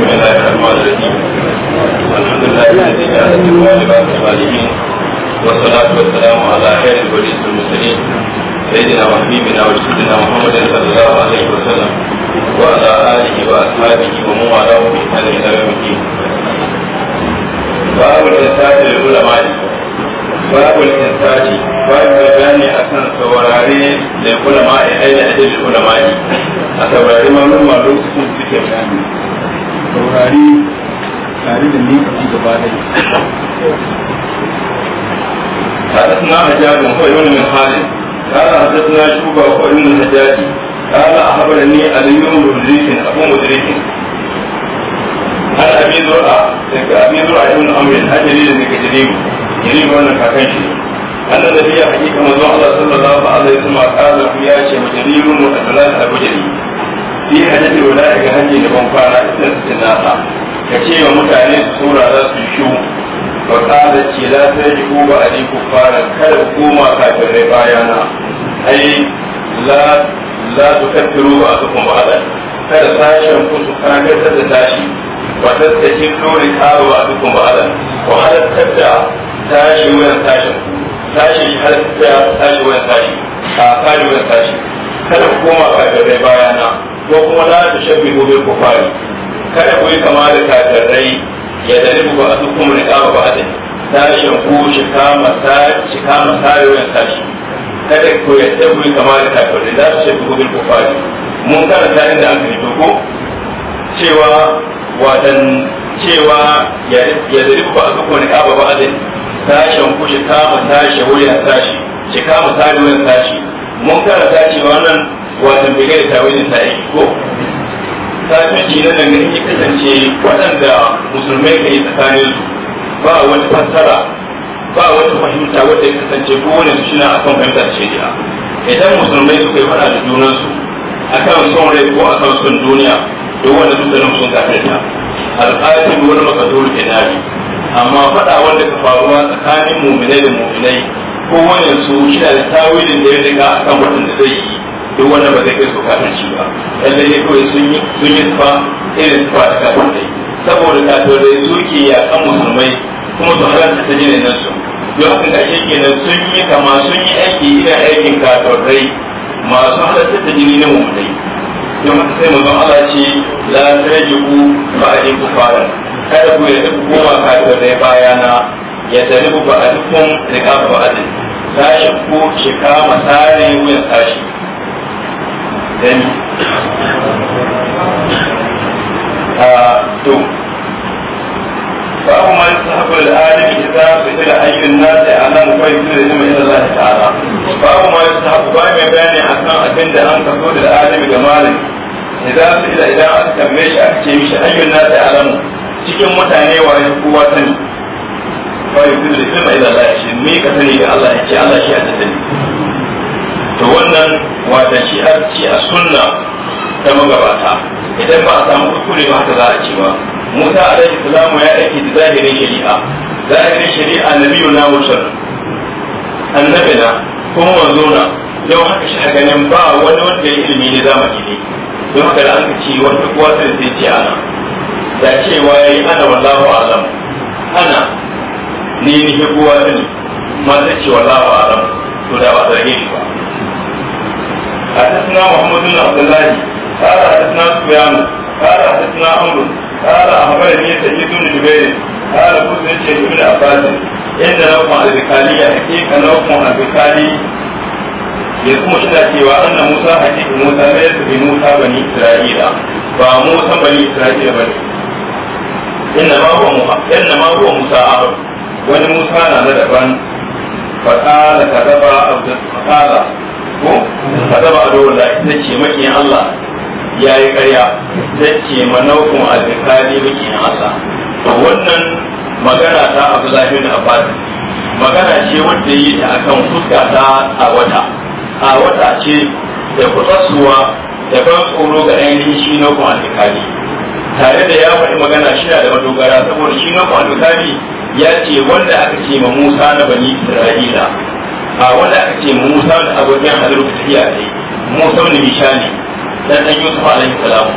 بسم الله الرحمن الرحيم الحمد لله الذي جعل في الوالد الصالحين والصلاة والسلام على خير الوليد المرسلين سيدنا وحبيبنا وسيدنا محمد صلى الله عليه وسلم وعلى آله وأصحابه ومن والاه بإحسان إلى يوم الدين باب الإنسات للعلماء باب الإنسات باب البيان أحسن سوراري للعلماء أين أدل العلماء أسوراري ممنون ممنون سكون سكين saurari tare da nufi gaba da kada suna a jabin kawai wani mai halin kada a zai suna shi ba kawai wani na jaji kada a habar ne a liyon rodrikin a kuma rodrikin har abi zura daga abi zura yau na amurin har daga jari mu wannan kakan shi an da fiye a hakika mazu ala sallallahu ala'adai kuma kada ya ce majalilu mu a talata abu jari fi hadisi wala ga hanyar da ban fara idan cikin nasa ka ce wa mutane su tura za su shu fa qala ce la tajibu ba ali kufara kada koma kafirai bayana ai la su tukattiru a su kuma hada kada sashen ku su kagarta da tashi wa tattaki dole karo a su kuma hada ko halattar da tashi wuyan tashin tashi halatta tashi wuyan tashi a tashi wuyan tashi kada ku koma kafirai bayana ko kuma la ta shabbi gobe ku fari kada ku yi kama da kafirai ya dare ku ba a duk kuma ka ba da sashen ku shi kama shi kama sayoyin tashi kada ku yadda ku yi kama da kafirai za su shabbi gobe ku fari mun ta inda an kai doko cewa watan cewa ya dare ku ba a duk kuma ka ba a sashen ku shi kama sashi wuyan sashi shi kama sayoyin tashi mun ta ce nan wato bai da tawilin ta yi ko kafirci na nan ne ya kasance waɗanda musulmai ka yi tsakanin su ba wata fassara ba wata fahimta wadda ya kasance wani su shina akan fahimtar shari'a idan musulmai su kai faɗa da junansu akan son rai ko akan son duniya duk wanda su sanin sun kafirta alƙalin wani makasuru ke nari amma faɗa wanda ka faruwa tsakanin muminai da muminai kowane yanzu shi da tawilin da ya riga kan wannan da zai yi duk wannan ba zai kai su kafirci ba lalle ne kawai sun yi sun yi fa irin fa da kafirai saboda kafirai su ke yakan musulmai kuma su haranta ta jinin nan su don haka kashe kenan sun yi kama sun yi aiki irin aikin kafirai masu haranta ta jini na mummai don haka sai mazan Allah ce la tarjiku ba'in kufaran kada ku yarda ku koma kafirai bayana ya tare ku ba a dukkan rika ba a din sashen ko shi kama tsare wuyan sashi dan a to babu man sahabu al'adami idza fitila ayyun nas ala muqayyid ilmi ila Allah ta'ala babu man sahabu ba mai bayani a kan abin da an kaso da al'adami ga malami idan fitila idan aka tambaye shi aka ce mishi ayyun nas alamu cikin mutane wa ya kowa sani kawai kun da kuma idan Allah ya ce me ka sani ga Allah ya ce Allah shi ya sani to wannan wata shi a ci a sunna ta magabata idan ba a samu kuskure ba haka za a ce ba Musa alaihi salamu ya aiki da zahirin shari'a zahirin shari'a na biyu na musul na kuma wanzo na yau haka shi haka nan ba wani wanda ya ilimi ne zamani ne don haka da aka ce wata kuwa sai ce ana da cewa ya yi ana wallahu alam ana ni ni ke kowa ta ne ma ta ce wa lawa alam to da ba zarge shi ba a tattuna muhammadu na abdullahi kara a tattuna suyanu kara a tattuna amru kara a hamar ne ta yi tun jubairi kara kusa ya ce ibn abbas inda na lawan albikali ya ka na lawan albikali ya kuma suna cewa annan musa hakika musa mai da bi musa bani isra'ila ba musa bani isra'ila ba ne inna ma huwa musa a abdu wani musa na da daban ka kadaba abdu Fasala ko ka kadaba Ado da ita ce makiyin Allah ya yi ƙarya ta ce manaukun abdukali makiyin Allah to wannan magana ta Abdullahi da Abbas magana ce wanda yi ta akan fuska ta a wata a wata ce da kutsatsuwa da ban tsoro ga ainihin shi na kuma tare da ya faɗi magana shi da madogara saboda shi na kuma ya ce wanda aka ce ma Musa na bani Isra'ila a wanda aka ce ma Musa da abokin hadaru ta tafiya ne Musa ne Mishani dan dan Yusuf alaihi salam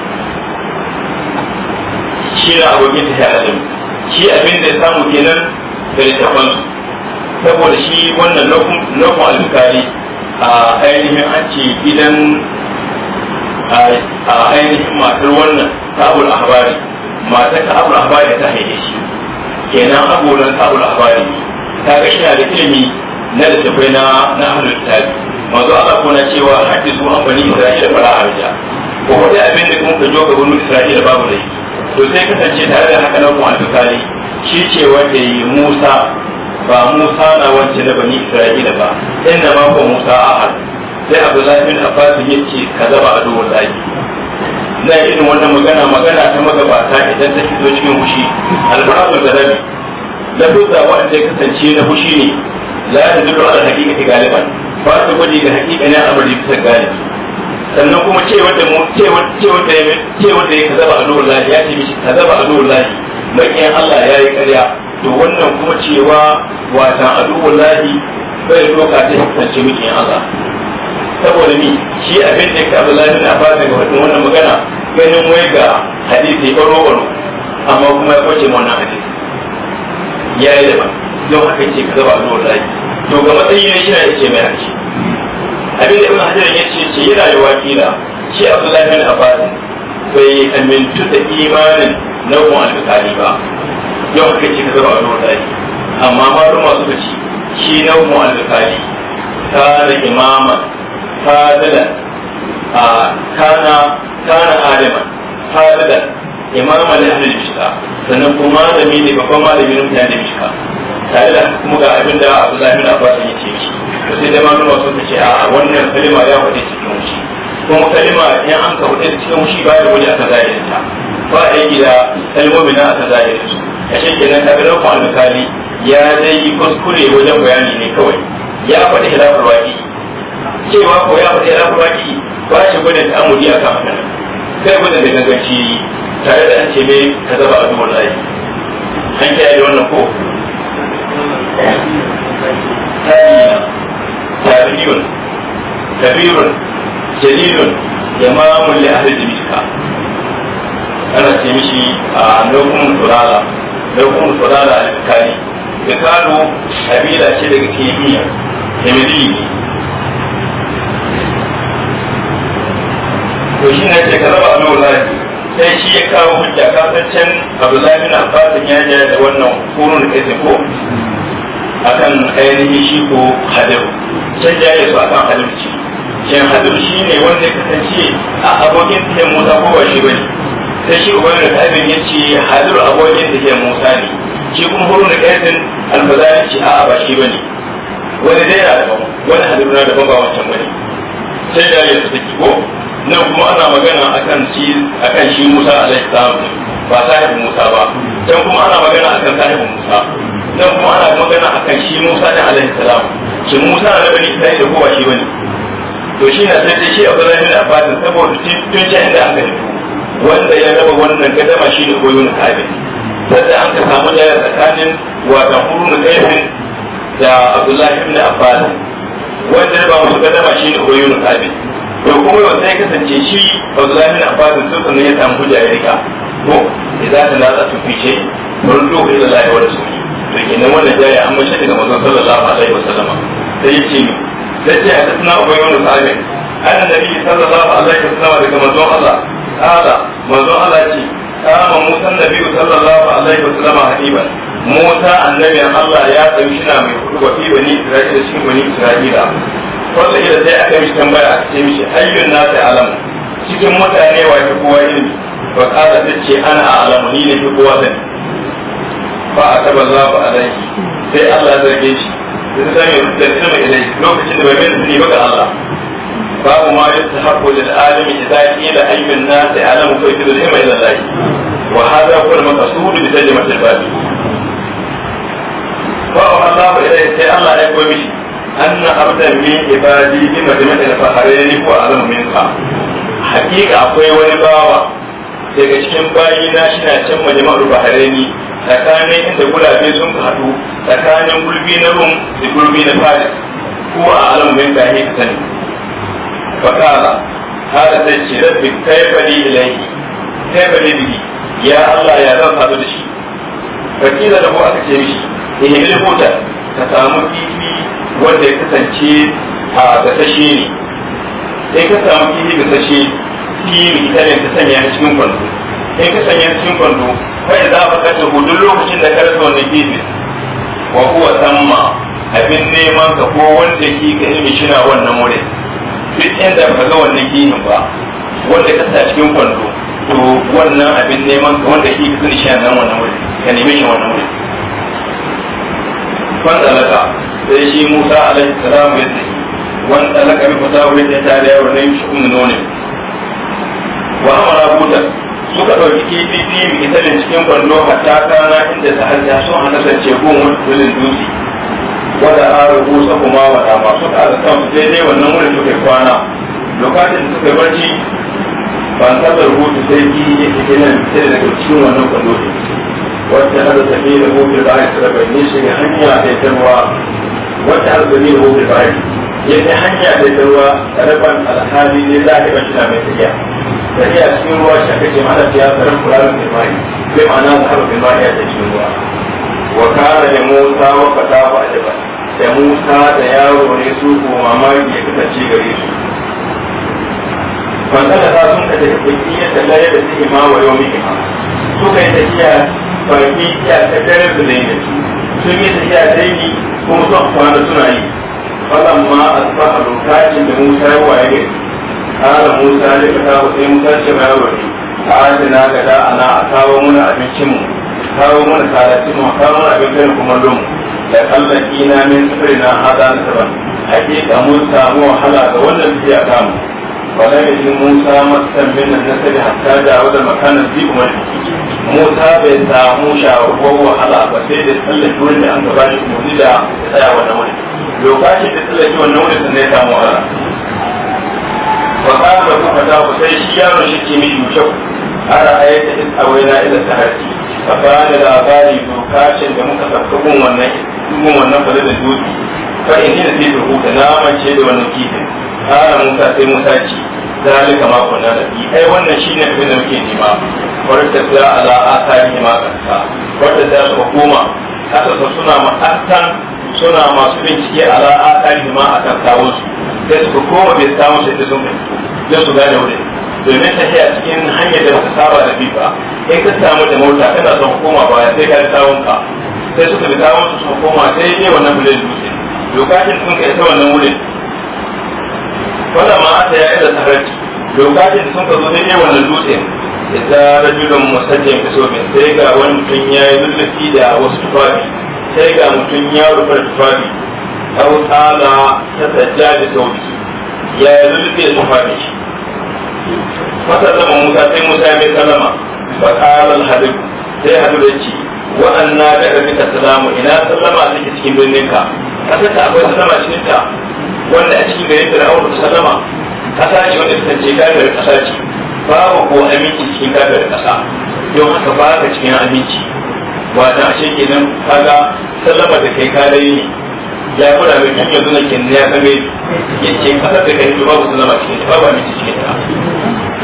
shi na abokin tafiya adam shi abin da samu kenan da littafan saboda shi wannan lokun alfikari a ainihin an ce gidan a ainihin matar wannan sabul ahbari matar abu ahbari ta haife shi kenan abulan kabul abari ta ga ina da ilimi na da tafai na na ahlul kitabi mazo Allah ko na cewa hadisu an bani Isra'ila fara arja ko wani abin da kuma ka kajo ga bani Isra'ila babu dai to sai kasance tare da haka nan kuma alƙali shi ce wanda yi Musa ba Musa na wance na bani Isra'ila ba inda ma ko Musa ahad sai Abdullahi bin Abbas yace ka zaba a duwan daki na irin wannan magana magana ta magabata idan ta fito cikin fushi alfarabul garabi da dutsa wanda ya kasance na fushi ne la ya zudu ala hakikati galiban ba su gwaji ga hakika ne amari bisa galibi sannan kuma cewa da mu cewa cewa da ya cewa da ya kazaba anullahi ya ce mishi kazaba anullahi bakin Allah ya yi karya to wannan kuma cewa wata aduwullahi bai doka ta kasance mikin Allah saboda ni shi abin da yake Abdullahi bin Abbas ga wannan magana ganin wai ga hadisi ko roƙo amma kuma ya kwace wannan hadisi ya yi da ba don haka ce ka zaba zuwa lafi to ga matsayi ne yana da mai harshe abin da ibn hajar ya ce ce yana da wakila shi Abdullahi bin Abbas bai amintu da imanin nau'in al-bukhari ba don haka ce ka zaba zuwa lafi amma ma ruwa su ci shi nau'in al-bukhari kana imaman fadila kana kana adama fadila imam al-ahli bishka sannan kuma malami ne babban malami ne mutane bishka tare da kuma ga abin da Abdullahi bin Abbas ya ce shi to sai da malama sun ce a wannan kalma ya wuce cikin wuce kuma kalima ya an ka wuce cikin wuce ba da wani aka zahiri ta ba a yi da kalmomi na aka zahiri su a shekenan ta ga rafin alkali ya dai kuskure wajen bayani ne kawai ya faɗi hilafar waƙi cewa ko ya fita ya kuma ki ba shi gudun ta'amuri a kan nan kai gudun da gaggaci tare da an ce ne ka zaba a zuwa layi an kiyaye da wannan ko tabiyun tabiyun jalilun yamamun li ahli ka. ana ce mishi a lokacin turala lokacin turala a kari da kano kabila ce daga kimiyya kemiri to shi ne ce karaba abdullahi sai shi ya kawo hujja kasancen abdullahi bin abbas ya ja da wannan kurun kai ko akan ainihin shi ko hadiru sai ja ya so akan hadurci shin hadiru shi ne wanda ya kasance a abokin tafiyan musa ko ba shi ba ne sai shi uban da tabin ya ce hadiru abokin tafiyan musa ne shi kuma kurun isin alfazari ce ba shi ba ne wani dai na daban wani hadiru na daban ba wancan ba ne sai ya so take ko nan kuma ana magana akan shi akan shi Musa alaihi salam ba sahibi Musa ba dan kuma ana magana akan sahibi Musa nan kuma ana magana akan shi Musa da alaihi salam shi Musa da bani sai da kowa shi bane to shi na sai shi da bin Abbas saboda tun can inda aka yi wanda ya raba wannan kadama shi ne koyon kabe sai an ka samu jaya tsakanin wata hurun kaifin da Abdullahi ibn Abbas wanda ya ba musu kadama shi ne koyon kabe to kuma yau sai kasance shi Abdullahi bin Abbas sun sannan ya samu hujja ya rika ko idan ta nada su fice don lokacin da Allah ya wada su to kenan wannan jaya an mace daga manzon sallallahu alaihi wasallam sai yace sai ya tsana ubay wannan sahabi annabi sallallahu alaihi wasallam daga manzon Allah ala manzon Allah ce kama Musa annabi sallallahu alaihi wasallam hadiban Musa annabi Allah ya tsayi shi na mai kudu wa fi bani Isra'ila cikin bani Isra'ila wanda ya sai aka mishi tambaya ce mishi hayyun na sai alamu cikin mutane wa fi kowa ilimi ba kada ta ce ana a alamu ni ne fi kowa sani ba a taɓa za ba alaiki sai Allah zarge shi da ta sami da ilmi ilai lokacin da bai mai sani ba ga Allah babu ma yastahaqqu lil alimi idza qila na sai alamu fa yudil ilma ila Allah wa hadha huwa al-maqsud bi tarjamati al ba wa Allah ila sai Allah ya koyi mishi anna abdan min ibadi bi madinatil bahrain huwa alam minka hakika akwai wani bawa daga cikin bayi na shi na can majma'ul bahraini tsakanin inda gulabe sun haɗu tsakanin gulbi na rum da gulbi na fadi huwa alam minka hi sani fakala hada sai ce rabbi kaifa li ilayhi kaifa li bihi ya Allah ya zan hadu da shi fakila da ko aka ce mishi eh ilmuta ka samu kifi wanda ya kasance a gasashe ne sai ka samu kifi gasashe kifi ita ne ta sanya cikin kwando sai ka sanya cikin kwando kai za a kace ku lokacin da ka rasa wannan kifi wa kuwa samma abin neman ka ko wanda ki ka ilmi shina wannan wurin duk inda ka ga wannan kifin ba wanda ka sa cikin kwando to wannan abin neman ka wanda ki ka sani shi nan wannan wurin ka nemi shi wannan wurin fada laka sai shi musa alaihi salam ya ce wanda laka bi fata wurin ya tare yawa ne shi kuma nonin wa amara buta suka ɗauki kifi fi misalin cikin kwallo a takana inda ta hajja sun hana sace wani wani dutse wanda a rubuta kuma wa dama suka azatan su ne wannan wurin suka kwana lokacin da suka barci ban taɓa rubuta sai ki ya ke nan sai daga cikin wannan kwallo ne wacce har da tafi da hobi ba ya tsara bai shi ne hanya da ya tarwa wacce har da ni da ba ya ta hanya da ya tarwa rabban alhali ne za ka bashi na mai tafiya tafiya cikin ruwa shi aka ce mana fiya tsarin kularin bilmai bai ma'ana da haɓa bilmai ya ta cikin ruwa wa kara da musa wa fata wa ajaba da musa da yaro ne su ko mamaki ya kasance gare su manzana ta sun ka da tafiya da laye da su ima wa yau mikima suka yi tafiya baki ya ta dare da ne da su sun yi tafiya dangi kuma su kwana suna yi falan ma asbaha lokacin da Musa ya waye ala Musa ya ka ta sai Musa ce ma ya waye adana ga da ana a kawo muna abincin mu kawo muna kalatin mu kawo muna abincin kuma don da Allah ina min sufuri na hada na saban hakika mun samu wahala ga wannan tafiya kamu bala da shi musa matan bin na sani hatta da wadda makanan zai kuma musa bai samu shawarwar wahala ba sai da tsallake wanda an gaba shi mutu da tsaya wa na wani yau shi da tsallake wanda wani sun zai samu wahala ba ta da a ta ku sai shi yaron shi ke mishi kyau ara aya ta in a waina ila ta harki ba da labari doka shi da muka tafka gun wannan gun wannan da dutse fa in ni nasibu huta na mace da wannan kifin kala musa sai musa ce zalika ma kunna da bi ai wannan shine abin da muke nema warta ta ala asari ma kanta warta ta su hukuma haka suna ma'atan suna masu bincike ala yi ma akan kawo su sai su koma bai samu sai sun bincike da su gane wurin domin ta a cikin hanyar da baka saba da bi ba in ka samu da mota kana son koma baya sai ka yi sawun sai suka bi sawun su koma sai ne wannan bulin dutse lokacin sun kai ta wannan wurin wanda ma aka ya ila sarari lokacin sun ka zo ta yi wannan dutsen ita rajulun musajjin fisomin sai ga wani mutum ya yi lullufi da wasu tufafi sai ga mutum ya rufe tufafi ta tsala ta sajja da sauri ya yi lullufi da tufafi masa zama musa sai musa ya mai kalama ba ƙarar hadin sai hadu da ce wa'anna da ƙarfi ka salamu ina salama take cikin birninka kasar ta akwai sallama cikin ta wanda a cikin gare da aure sallama kasa ce wanda ta ce kafir kasa ce babu ko aminci cikin da kasa don haka ba ka cikin aminci ba ta ashe kenan kaga sallama da kai ka ne ya kula mai kan yanzu na kenan ya kame ya ce kasar da kai babu sallama cikin ta babu aminci cikin ta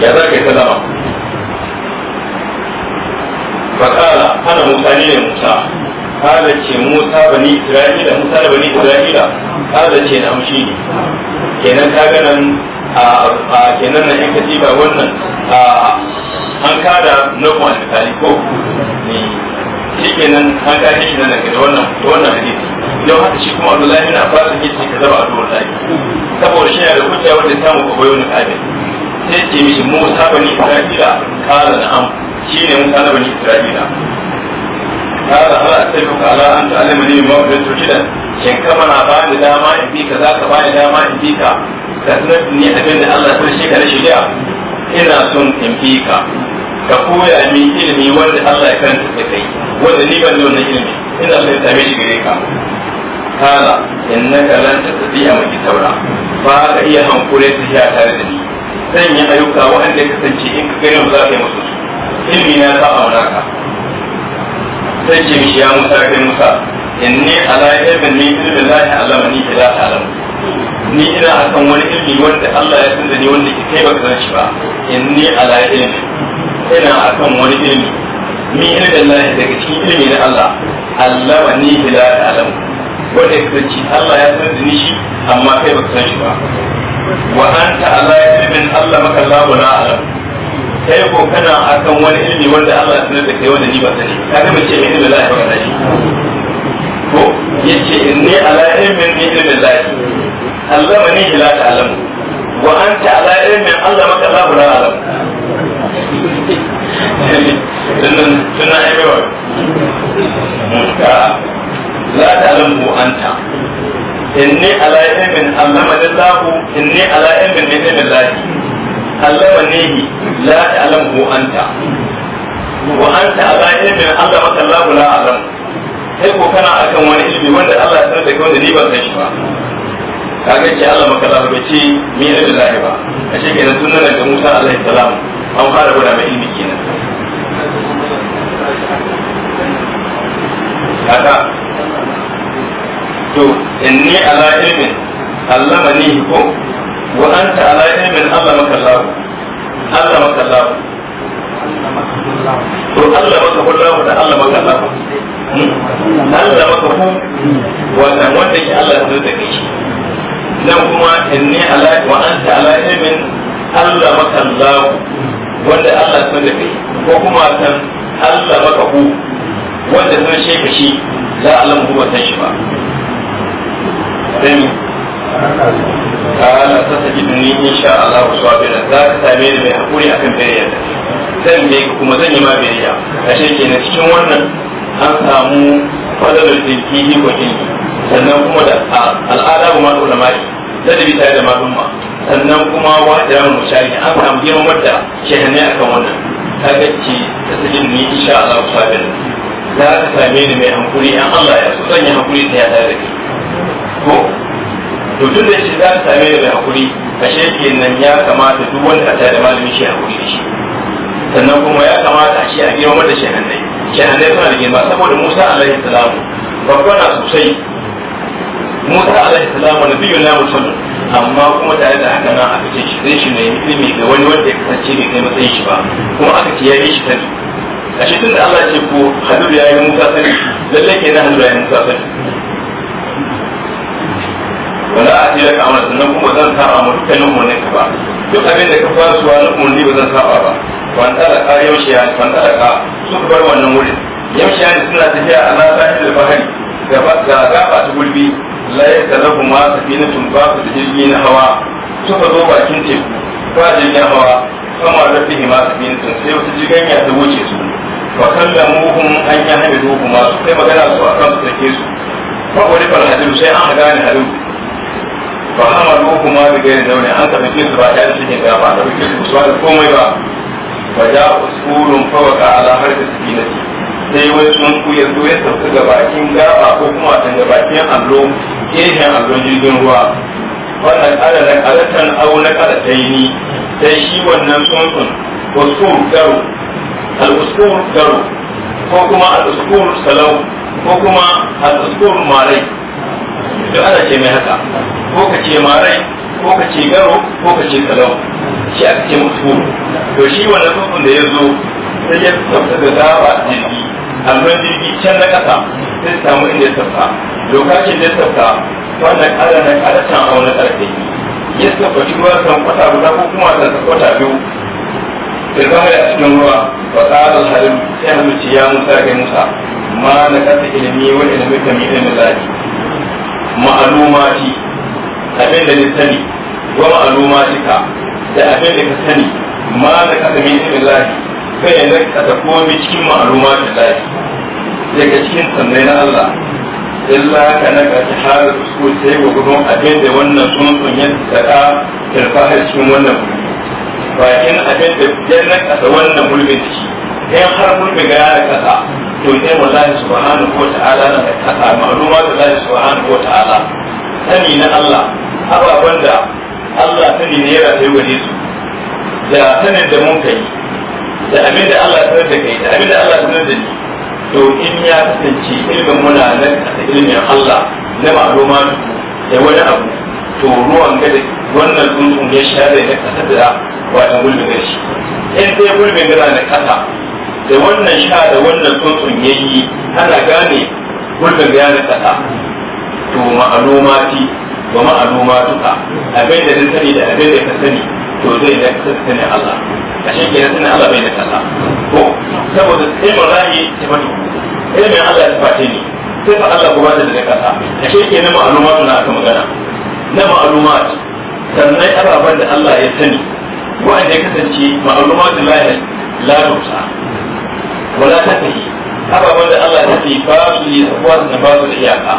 ya za ka yi sallama fakala ana mutane ne musa kada ce Musa bani Isra'ila Musa da bani Isra'ila kada ce na mushi ne kenan ka ga nan a kenan na yan ba wannan an kada na kuma kai ko shi kenan an ka shi nan da wannan wannan hadisi don haka shi kuma Abdullahi bin Abbas yake ce ka zaba Abdullahi saboda shi yana da hujja wanda ta mu koyo ne kai sai ce mishi Musa bani Isra'ila kala na am shi ne Musa bani Isra'ila قال هل أتبعك على أن تعلمني بما أريد رشدا shin ka mana ba ni dama in bi ka za ka ba dama in bi ka ka sanar ni abin da Allah ya shi ka na shirya ina son in bi ka ka koya min ilimi wanda Allah ya karanta kai wanda ni ban da ilimi ina so in same shi gare ka kala innaka ka iya hiya tare da ni ayyuka waɗanda kasance in ka gani ba za ka yi musu ilimi na ka sai ce mishi ya musa kai musa ala lahi ni ina akan wani ilmi wanda Allah ya tunda ni wanda ke kai baka shi ba inni ala ilmin ina akan wani ilmi ni ilmin lahi daga cikin ilimi na Allah alamani ila alam wanda ya kasance Allah ya tunda ni shi amma kai san shi ba wa anta ala ilmin Allah maka na alam kai ko kana akan wani ilimi wanda Allah ya sanar da kai wanda ni ba sani ka ga mace mai ilimi Allah ya faɗa shi ko yace inni ala ilmin min ilmi Allah allamani ila ta'lamu wa anta ala ilmin Allah maka Allah la alam sunan sunan aiwa ka la ta'lamu anta inni ala ilmin allamani Allah inni ala ilmin min ilmi Allah allama nehi la ta'lamu anta wa anta ala min Allah maka Allah la alam sai ko kana akan wani ilimi wanda Allah ya sanar da wanda ni ban san shi ba kaga ce Allah maka Allah bai ce mi ilmi lahi ba a ce kenan tun nan da Musa alaihi salam an fara gwada mai ilimi kenan kaga to inni ala ilmin allama ni ko wa anta ala ilmin Allah maka Allah Allah maka Allah to Allah maka Allah da Allah maka hmm? Allah Allah maka ku wannan wanda ke Allah zai da kai nan kuma inni ala wa anta ala ilmin Allah maka Allah wanda Allah sun ko kuma Allah wanda sun shi ba san shi ba قال ستجدني إن شاء الله صابرا ذاك سامي mai hakuri akan biyayya zan bi kuma zan yi ma biyayya ashe kenan cikin wannan an samu fadalar dinki ko dinki sannan kuma da al'ada ma ulama'i ladabi tare da malumma sannan kuma wa da mu an samu girmamar da shehane akan wannan kaga ce ta sajin ni insha Allah sabir za ka same ni mai an ya zan yi ta ko to tun da shi za ka same da mai hakuri a shekin nan ya kamata duk wanda a da malami shi hakuri da shi sannan kuma ya kamata a ce a girma da shehannai shehannai suna da girma saboda musa alaihi salamu babba na sosai musa alaihi salamu na biyu na mutum amma kuma tare da haka nan aka ce shi zai shi mai ilimi ga wani wanda ya kasance bai kai matsayin shi ba kuma aka ce ya yi shi sani a shi tun da Allah ce ko hadu ya yi musa sani lallai ke na hadu ya yi musa sani wala a ce laka amana sannan kuma zan saba ma dukkanin umarnin ka ba duk abin da ka fasuwa na umarni ba zan saba ba ban talaka yaushe ya ban su suka bar wannan wurin yaushe ya suna tafiya a lasahin da bahari ga gaba ta gulbi layar da lafu ma safinatun ba su da jirgi na hawa suka zo bakin teku ba jirgin hawa sama da fi hima safinatun sai wata jirganya ta wuce su ba fa kallamuhum an ya hamidu kuma su kai magana su a kan su take su fa wani farhadu sai an gane hadu ba amalu kuma da gayin zaune an tafi su ba ta cikin ga ba ta bikin su ba da komai ba ba ja usulun fawaka ala harfi sakinati sai wani tsunku ya zo ya sauka ga bakin gaba ko kuma a ga bakin allo kehen allon jirgin ruwa wannan adadin adatan au na kalatai sai shi wannan tsuntsun usul garo al-usul garo ko kuma al-usul salau ko kuma al-usul malai duk ana ce mai haka ko ka ce marai ko ka ce garo ko ka ce kalau shi aka ce mutu to shi wannan tsuntsun da ya zo sai ya tsafta da gawa jirgi alman jirgi can na kasa sai samu inda ya tsafta lokacin da ya wannan ƙara na kada can a wani ƙarfe ya tsaftaci ruwa san kwata guda ko kuma san kwata biyu da zama da cikin ruwa wa ƙara halin sai hannu ce ya musa ga musa ma na kasa ilimi wa ilimin kami ilimin zafi ma'alumati abin da ni sani wa ma'alumatika da abin da ka sani ma da ka sami ilmin lahi kai yanzu ka ta komi cikin ma'alumatin lahi daga cikin sannai na Allah illa ka na ka ta halar su sai ga gudun abin da wannan tsuntsun ya tsaka tarfahar cikin wannan mulki bakin abin da ya nakasa wannan mulkin ciki in har mulki ga ya nakasa to ne wallahi subhanahu wa ta'ala na da kasa ma'luma da Allah subhanahu wa ta'ala sani na Allah ababan da Allah sani ne ya rafe gare su da sanin da mun kai da abin da Allah sanar da kai da abin da Allah sanar da ni to in ya kasance ilmin muna nan a ilmin Allah na ma'luma da wani abu to ruwan gada wannan tsuntsun ya share na kasa da wajen gulbin gashi in sai gulbin gada na kasa da wannan sha da wannan tsuntsun yayi ana gane wannan na kasa to ma'alumati wa ma'alumatuka abin da sani da abin da ka sani to zai da ka sani Allah a shi kenan sani Allah bai da kasa ko saboda sai mun rayi ta mutu ilimin Allah ya fate ni sai fa Allah kuma da daga kasa a shi kenan ma'alumatu na aka magana na ma'alumat sannan ababen da Allah ya sani wa'anda ya kasance ma'alumatun lahi la rusa wala tafi ababen da Allah ta ce ba su yi safuwa su ba su da iyaka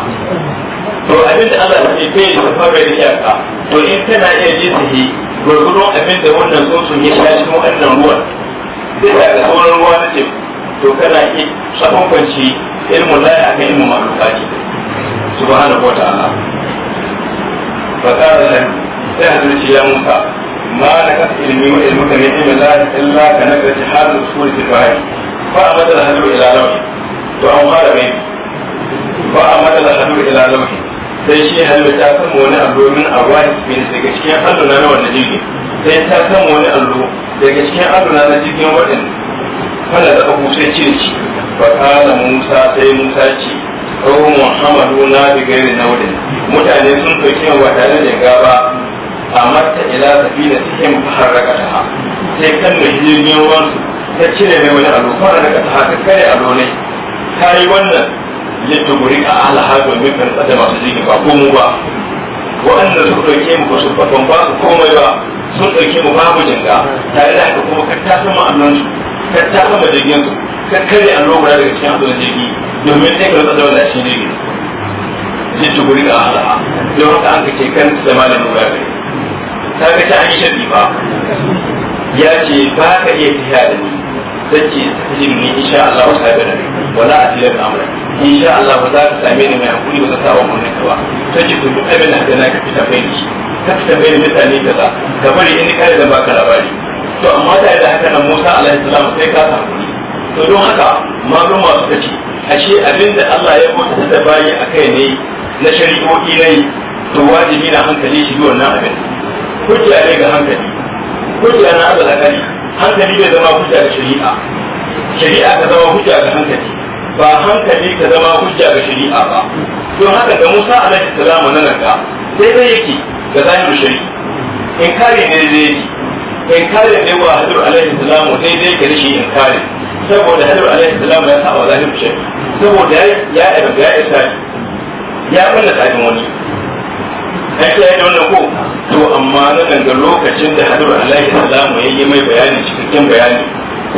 to abin da Allah ta ce yi da safuwa bai da iyaka to in kana iya ji su yi gurgurun abin da wannan tsuntsun ya sha cikin wannan ruwan zai da ga sauran ruwa na teku to kana iya sabon kwanci ilmu la ya aka ilmu maluka ne subhanahu wa ta'ala fa qala lahu sai hadisi ya musa ما لك علمي وعلمك من علم الله إلا كنكرة حال أصول الكفاية فأمد الهدر إلى لوحي وأن قال بيت فأمد الهدر إلى لوحي sai shi halwa ta kama wani allo min arwah min daga cikin allo na wanda jirgi sai ta kama wani allo daga cikin allo na jirgin wadin wanda da abu sai cire shi fa Musa sai Musa Muhammadu na bi mutane sun ɗauki wa tare da gaba amarta ila sabila cikin harraka ta sai kan da jirgin ruwan ta cire mai wani abu fara daga ta haka kare a lone ta yi wannan yadda guri a alaha domin karɓar da masu jirgin ba ko mu ba waɗanda suka ɗauke mu ba su babban ba su komai ba sun ɗauke mu babu jinga tare da haka kuma kan tafi ma'annan su kan tafi majigin su kan kare a lone daga cikin hasunan jirgi domin sai karɓar da wannan shi jirgin yadda guri a alaha don haka an ka ce kan zama da lura da ta ga ta an shabi ba ya ce ba ka iya tafiya da ni sace ce ce ni insha Allah wa sabi da wala a tilar da amurai insha Allah ba za ka same ni mai hakuri ba ka sa wa murnin ka ba ta ce kun duk abin da ka na ka fita bai ni ka fita bai ni mutane kaza ka bari in kare da baka labari to amma yi da haka nan Musa alaihi salam sai ka sa hakuri to don haka malum masu kace ashe abin da Allah ya mutu da bayi akai ne na shari'o'i ne to wajibi na hankali shi wannan abin hujja ne ga hankali hujja na azal akali hankali bai zama hujja ga shari'a shari'a ta zama hujja ga hankali ba hankali ta zama hujja ga shari'a ba don haka da Musa alaihi salamu nan ga sai yake ga zahiru shari'a in kare ne dai in kare ne wa hadir alaihi salamu dai dai ga shi in kare saboda hadir alaihi salamu ya saba zahiru shari'a saboda ya ya ya ya ya ya ya ya ya na kiyaye da wannan ko to amma na danga lokacin da hadiru alaihi salamu ya yi mai bayani cikakken bayani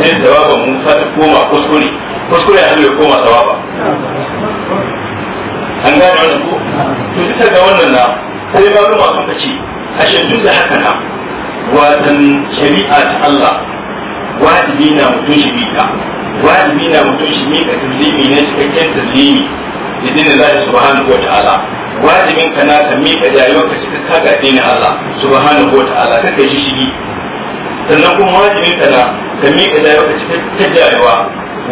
sai sawaba musa ta koma kuskure kuskure hadiru ya koma sawaba an gane wannan ko to bisa ga wannan na sai ba ruwa sun ka ce ashe duk da haka na watan shari'a ta Allah wajibi na mutum shi bita wajibi na mutum shi mika tazlimi na cikakken tazlimi lidin Allah subhanahu wa ta'ala wajibin ka na ka miƙa rayuwar ka ka kaga ni Allah subhanahu wa ta'ala ka kai shigi sannan kuma wajibin ka na ka miƙa rayuwar ka cikin tajayewa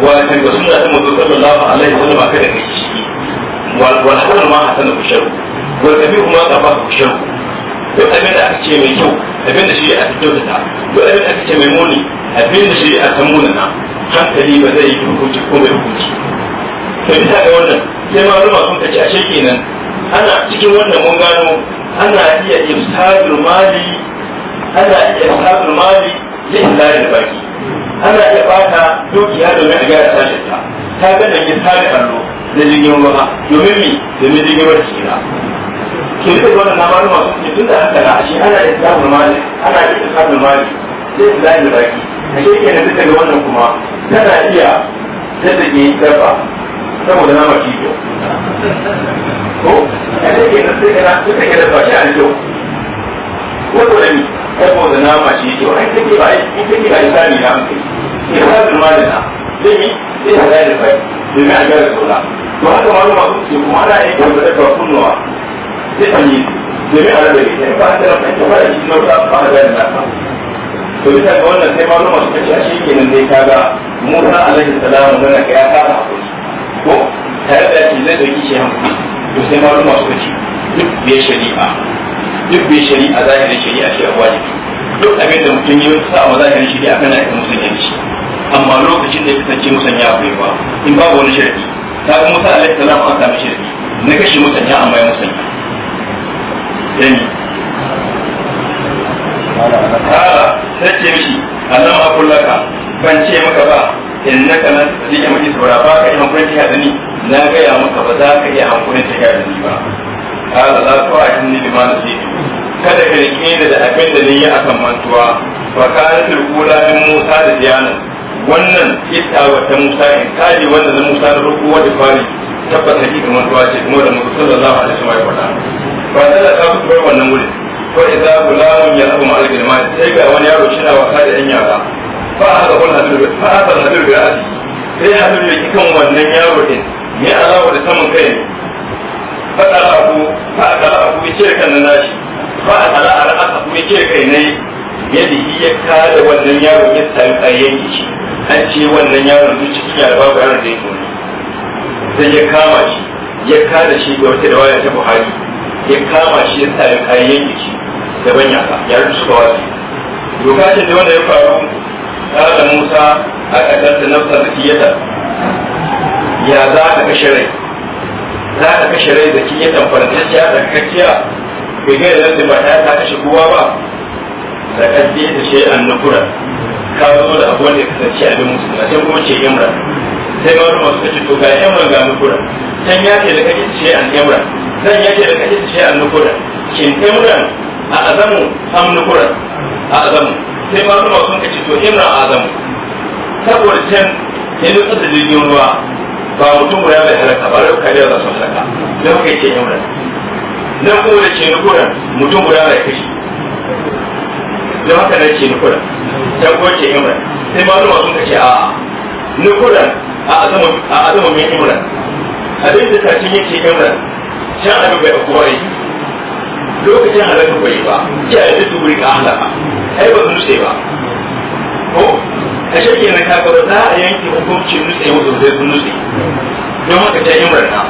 wa kan ga sunna ta manzo sallallahu alaihi wa sallam ka da kai shi wal hasan ma hasan ku sharu wal kabihu ma qaba ku sharu duk abin da aka ce mai kyau abin da shi aka kyautata duk abin da aka ce mai muni abin da shi aka munana hankali ba zai yi hukunci ko mai hukunci ta bisa ga wannan sai ma ruma sun kaci ashe kenan ana cikin wannan mun gano ana iya ifsadul mali ana iya ifsadul mali lillahi baki ana iya bata dukiya domin a gyara sashen ta ta ga da ke sare allo da jirgin ruwa domin mi domin jirgin ruwa tsira ke rike wannan na malama sun ce tun da haka na ashe ana iya ifsadul mali ana iya ifsadul mali lillahi baki ashe kenan duka ga wannan kuma tana iya da take dafa. saboda nama shi kyau ko yadda ke nan sai kana sai ka dafa shi a kyau wato da ni saboda nama shi kyau ai take ba ai take ba isani na amfani ya sa da malina zai yi sai ya da bai domin a gyara sola to haka malama sun ce kuma ana yin kyau da dafa kunnuwa sai an yi domin a rabe sai ba ta da fahimta ba da shi na wata ba da na ta to bisa ga wannan sai malama suka ce a shi kenan dai kaga musa alaihi salamu nuna ka ya ka hakuri ko tare da yake zai dauki shi hankali to sai malum masu kaci duk bai shari'a duk bai shari'a zahirin shari'a shi a wajibi duk abin da mutum ya sa a zahirin shari'a kana yin musulunci amma lokacin da ya kasance musanya akwai ba in babu wani shari'i ta ga musa alaihi salam an sami shari'i na kashe musanya amma ya musanya yani kala sace mishi Allah kullaka ban ce maka ba in na kana ni ya miji saura ba ka yi hankulin tafiya da ni na gaya maka ba za ka iya hankulin tafiya da ni ba kala za ku a shi lima na ce kada ka rike da da abin da ni a kan mantuwa ba ka rike kula min musa da diyanin wannan ita wata musa in kaji wanda na musa da roƙo wata fari tabbata ki kamar tuwa ce kuma da mutum sallallahu alaihi wasallam ya faɗa ba da ka fito wannan wurin ko idza gulamun ya zama da gilman sai ga wani yaro shi na wasa da yan yara ba a ga wannan da ba a ga wannan da sai a nuna kikan wannan yaro din ya alawa da saman kai ne fada abu fa abu ya ce kan nan nashi fa a kala a abu ya ce kai ne yadda shi ya kada wannan yaro ya sami tsayayyen shi an ce wannan yaron duk cikin yara babu yaron da ya tuni sai ya kama shi ya kada shi da wata dawaya ta buhari ya kama shi ya sami tsayayyen shi da banya ya rusu kawai lokacin da wanda ya faru kada Musa a ƙasar da nafsa zakiyata ya za ka kashe rai za ka kashe rai zakiyatan farantacciya da kakkiya bai gaya da nan ba ta ta kashe kowa ba da ƙarfi da shi an nukura ka zo da abu wanda ya kasance abin bin musu na sai kuma ce imra sai ma wani masu kashe to ga imra ga nukura can ya ce da kashe ce an imra zan ya ce da kashe ce an nukura shin imra a azamu am nukura a azamu sai ma kuma sun kace to imran adam saboda can sai duk da jirgin ruwa ba mutum ya bai halaka ba da kariya za su halaka don kai ce imran nan kuma da ce nukuran mutum guda bai kashi don haka ne ce nukuran can kuma ce imran sai ma kuma sun kace a'a nukuran a azama imra imran abin da ta cin yake imran can abin bai akwai lokacin halaka bai ba ya yi da turi ka halaka ai ba su nutse ba ko a shirya na kafa za a yanke hukuncin nutse wasu sai sun nutse don haka ta yi murna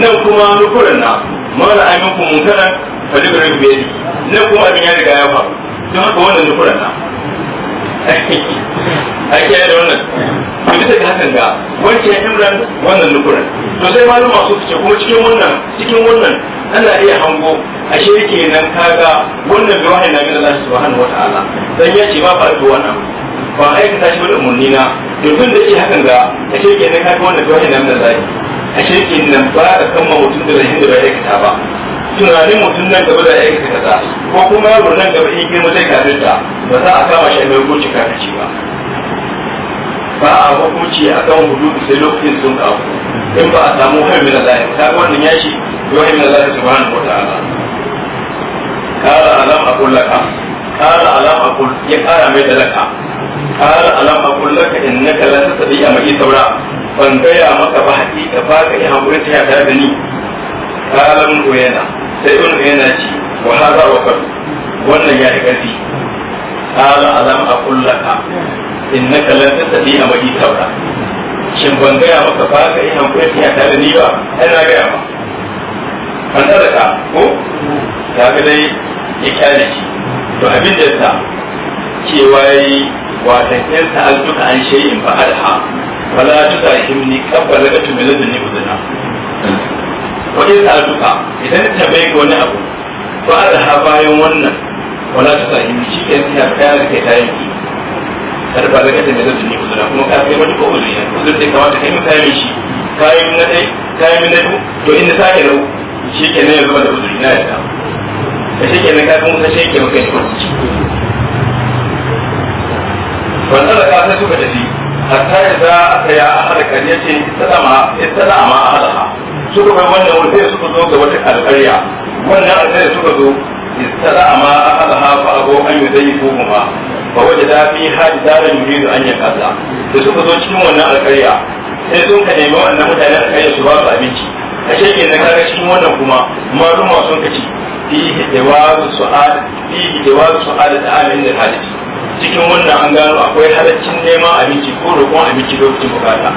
nan kuma nukurin na mara amin ku munkaran falibirin biyari nan kuma abin ya riga ya faru don haka wannan nukurin na ai kiyaye da wannan to bisa ga hakan ga wancan imran wannan nukuran to sai malama su ce kuma cikin wannan cikin wannan ana iya hango a shirke nan kaga wannan bai wahayi na min Allah subhanahu wataala dan ya ce ma ba to wannan ba aikata shi wani umarni na to tun da yake hakan ga a shirke nan kaga wannan bai wahayi na min Allah a shirke nan ba ka kama mutum da rahin da bai aikata ba tunanin mutum nan gaba da aikata kaza ko kuma yaro nan gaba in girma zai kafirta ba za a kama shi a mai goce kafirci ba ba a hukunci kan hududu sai lokacin sun kawo in ba a samu hayar min Allah ta wannan ya shi yau min Allah subhanahu ala. kara alam a laka kara alam aqul ya kara mai da laka kara alam aqul laka ta tabi a ma'i saura ban gaya maka ba hakika ba ka yi hankuri ta yada da ni kala mun yana sai ibn yana ci wa haza wa wannan ya yi gasi kala alam aqul laka innaka lan tasdi a mai taura shin ban gaya maka ba ka yi hankali ta da ni ba ai na gaya ba an tsara ka ko ta ga dai ya kyale shi to abin da sa cewa yi wata al duka an shay'in fa alha wala tusahimni qabbala ka tumilani udna sa al duka idan ta bai wani abu fa alha bayan wannan wala tusahimni shi ke ta kare kai ta yanki kada ba ganin da zai yi uzura kuma ka kai wani ko uzuri uzuri da kamata kai mutane mai shi kayan na dai kayan na du to inda sake rau shi ke nan ya zama da uzuri na yadda da shi ke nan ka kuma sai ke maka shi kwanci wannan da kasar suka tafi hatta ya za a tsaya a harkar ya ce ta eh, ma a halaka suka kai wannan wurin sai suka zo ga wata alƙarya wannan alƙarya suka zo استرع ما أخذها فأبو أن يضيفوهما فوجد فيها جدارا يريد أن ينقذها فسوف تشكي من القرية sai sun أن nemi wannan mutane أبيتي kai su ba شيء abinci كما shekin na kaga cikin wannan kuma maluma sun ka ci fihi jawazu cikin wannan an gano akwai halaccin neman abinci ko roƙon abinci lokacin bukata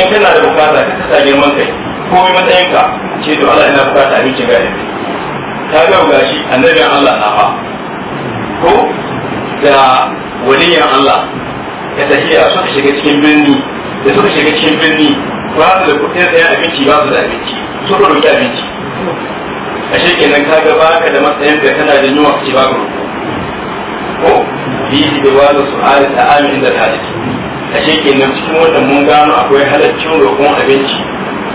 in kana da bukata ka kasa girman kai ko mai matsayinka ce to Allah ina bukata abinci ga yanzu ta ga gashi annabin Allah na fa ko da waliyan Allah ya a suka shiga cikin birni da suka shiga cikin birni ba su da kuɗin tsaye abinci ba su da abinci su ka roƙi abinci a shekenan ka ga baka da matsayin da kana da yunwa ce ba ka roƙo ko bihi da wani su'ali ta amin da taliki a shekenan cikin wannan mun gano akwai halaccin roƙon abinci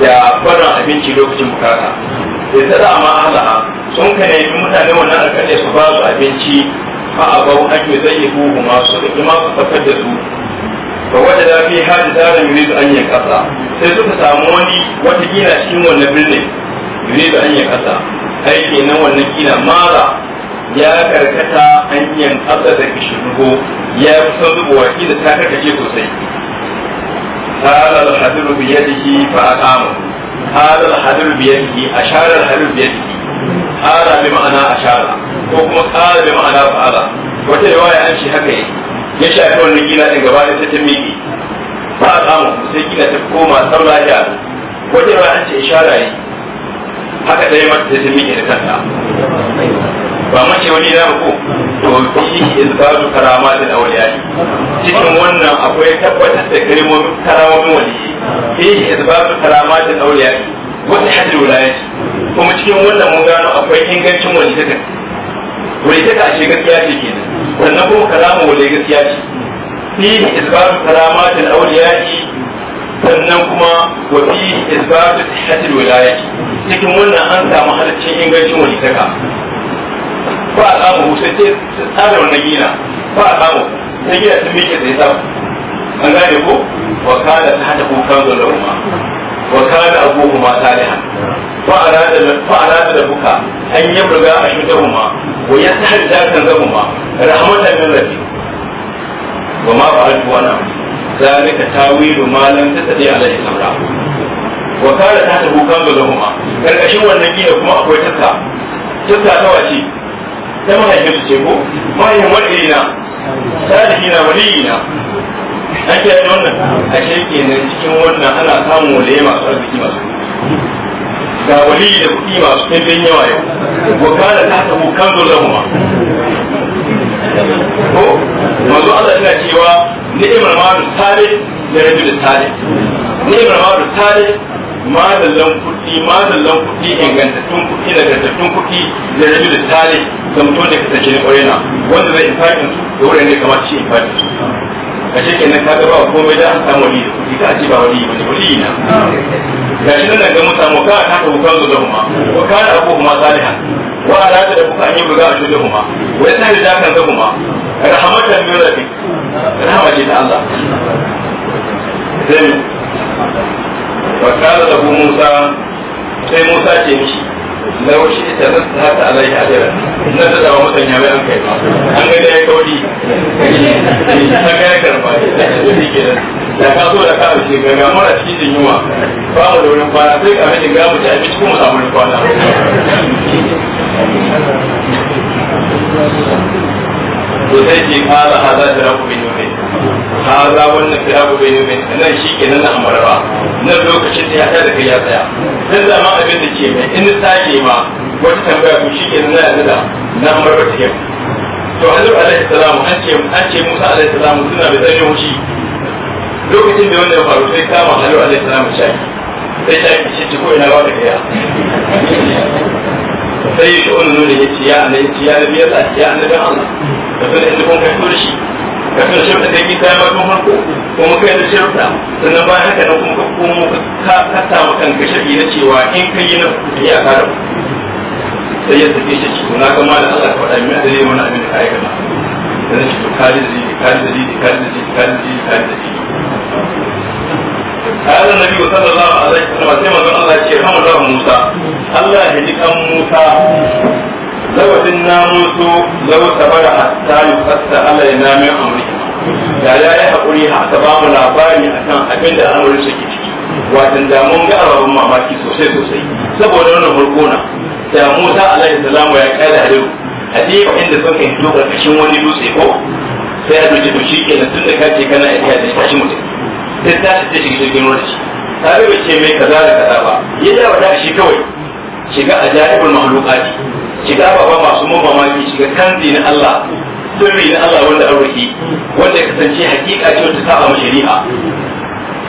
da barin abinci lokacin bukata da tsada ma Allah. sun ka nemi mutane wannan alƙarya su ba su abinci fa a bau ake zai yi buhu masu da kuma su tafar da su ba wanda da fi hajji tsarin yuridu an yi ƙasa, sai suka samu wani wata gina cikin wannan birnin yuridu an yi ƙasa aiki nan wannan gina mara ya karkata hanyar ƙasa da kishirgo ya fi son waki da ta karkace sosai هذا الحذر بيده فأقامه هذا الحذر بيده biyar da بيده ƙara bi ma'ana ashara ko kuma ƙara bi ma'ana fa'ala wata riwaya an shi haka ya shafi wannan gina ɗin gaba da ta miƙe ba a samu sai gina ta koma san lafiya wata riwaya an ce ishara yi haka ɗaya mata ta miƙe da kanta ba mace wani na ko to karama da karamatul awliya cikin wannan akwai tabbatar da kalmomin karamomin waliyi fihi izkaru karamatul awliya wula ya ce kuma cikin wannan mun gano akwai ingancin wani wani daga a shekar gaskiya ce kenan sannan kuma kalama daga gaskiya ce fihi isbatu karamatin awliyati sannan kuma wa fihi isbatu ya ce cikin wannan an samu halaccin ingancin daga ba a samu sai ce tsara wannan gina ba a samu sai gina sun mike sai samu an gane ko wa kana ta hada kuka zuwa وكان أبوهما صالحا فأراد فأراد لبك أن يبلغ أشدهما ويسهل ذاتهما رحمة من ربي وما فعلت أنا ذلك تاويل ما لم تستطيع عليه صبرا وكان تحته كنز لهما كالأشي والنبي لكما أقوى تسعى تسعى تواشي كما هي جبت شيخو ما هي مرئينا صالحين ولينا an ta yi wannan a shirke nan cikin wannan ana samun waliye masu arziki masu ga wali da kuɗi masu ɗimbin yawa yau wakala ta ta hukan zo zama ko mazu Allah ina cewa ni'imar ma'adu tare da rabi da tare ni'imar ma'adu tare madallan kuɗi madallan kuɗi ingantattun kuɗi nagartattun kuɗi da rabi da tare zamto da kasance na ƙwarena wanda zai infaƙin su da wurin ne kamar ci infaƙin su a shi kenan ka ba komai da an samu wali da kuɗi ka ce ba wali wani wali na ga shi nan ga musa mu kana haka ku kanzu da kuma wa kana abu kuma salihan wa ala da kuka an yi buga a shi da kuma wa yana da kan da kuma rahmatan min rabbi rahama ce ta Allah sai wa kana da musa sai musa ce mishi لو شئت لاتخذت عليه اجرا نزل ومتن يا بيان كيف an an da ya kauri ta kai karfa da shi ke da ka zo da ka ce ga mara cikin jin yunwa ba mu da wurin kwana sai ka rage ta abinci kuma samu kwana to sai ki kara hada da rabu bin haza wannan firabu bai ne mai nan shi ke nan amara ba nan lokacin da ya tsaya da kai ya tsaya dan zama abin da ke mai in tsage ma wata tambaya ko shi ke nan ya nuna na amara ba take to Hazar alaihi salamu an ce an ce Musa alaihi salamu suna bai tsare wuce. lokacin da wannan faru sai kama Hazar alaihi salamu shi sai shi shi ce ko ina ba da kai sai shi wannan nuna ya ce ya annabi ya ce ya annabi Allah da sun inda kun kai shi kafin shirka kai kita ya maka farko kuma kai da shirka sannan bayan haka na kuma komo ka kasa wa kanka shari na cewa in kai yi na kuɗi a kara sai ya sake shi cikin na kama da Allah ka faɗa min da zai wani abin da ka aikata sai shi to kari da zidi kari da zidi kari da zidi kari da zidi kari da zidi قال النبي صلى الله عليه وسلم كما قال الله شيخ محمد Musa Allah ya ji kan Musa law dinna musu law sabara hatta yufassa alaina min amri da ya yi hakuri haka ba mu labari akan abin da al'amarin suke ciki watan da mun ga mamaki sosai sosai saboda wannan hulkuna da Musa alaihi ya kai da hadu a jiya inda suka yi to karkashin wani dutse ko sai a duki to shi kenan tun da kace kana iya da tashi mutum sai ta shi mai kaza da kaza ba ya da shi kawai shiga ajaibul mahlukati shiga ba masu mamaki shiga kanzi na Allah sirri na Allah wanda an arziki wanda ya kasance hakika ce wata sa'a shari'a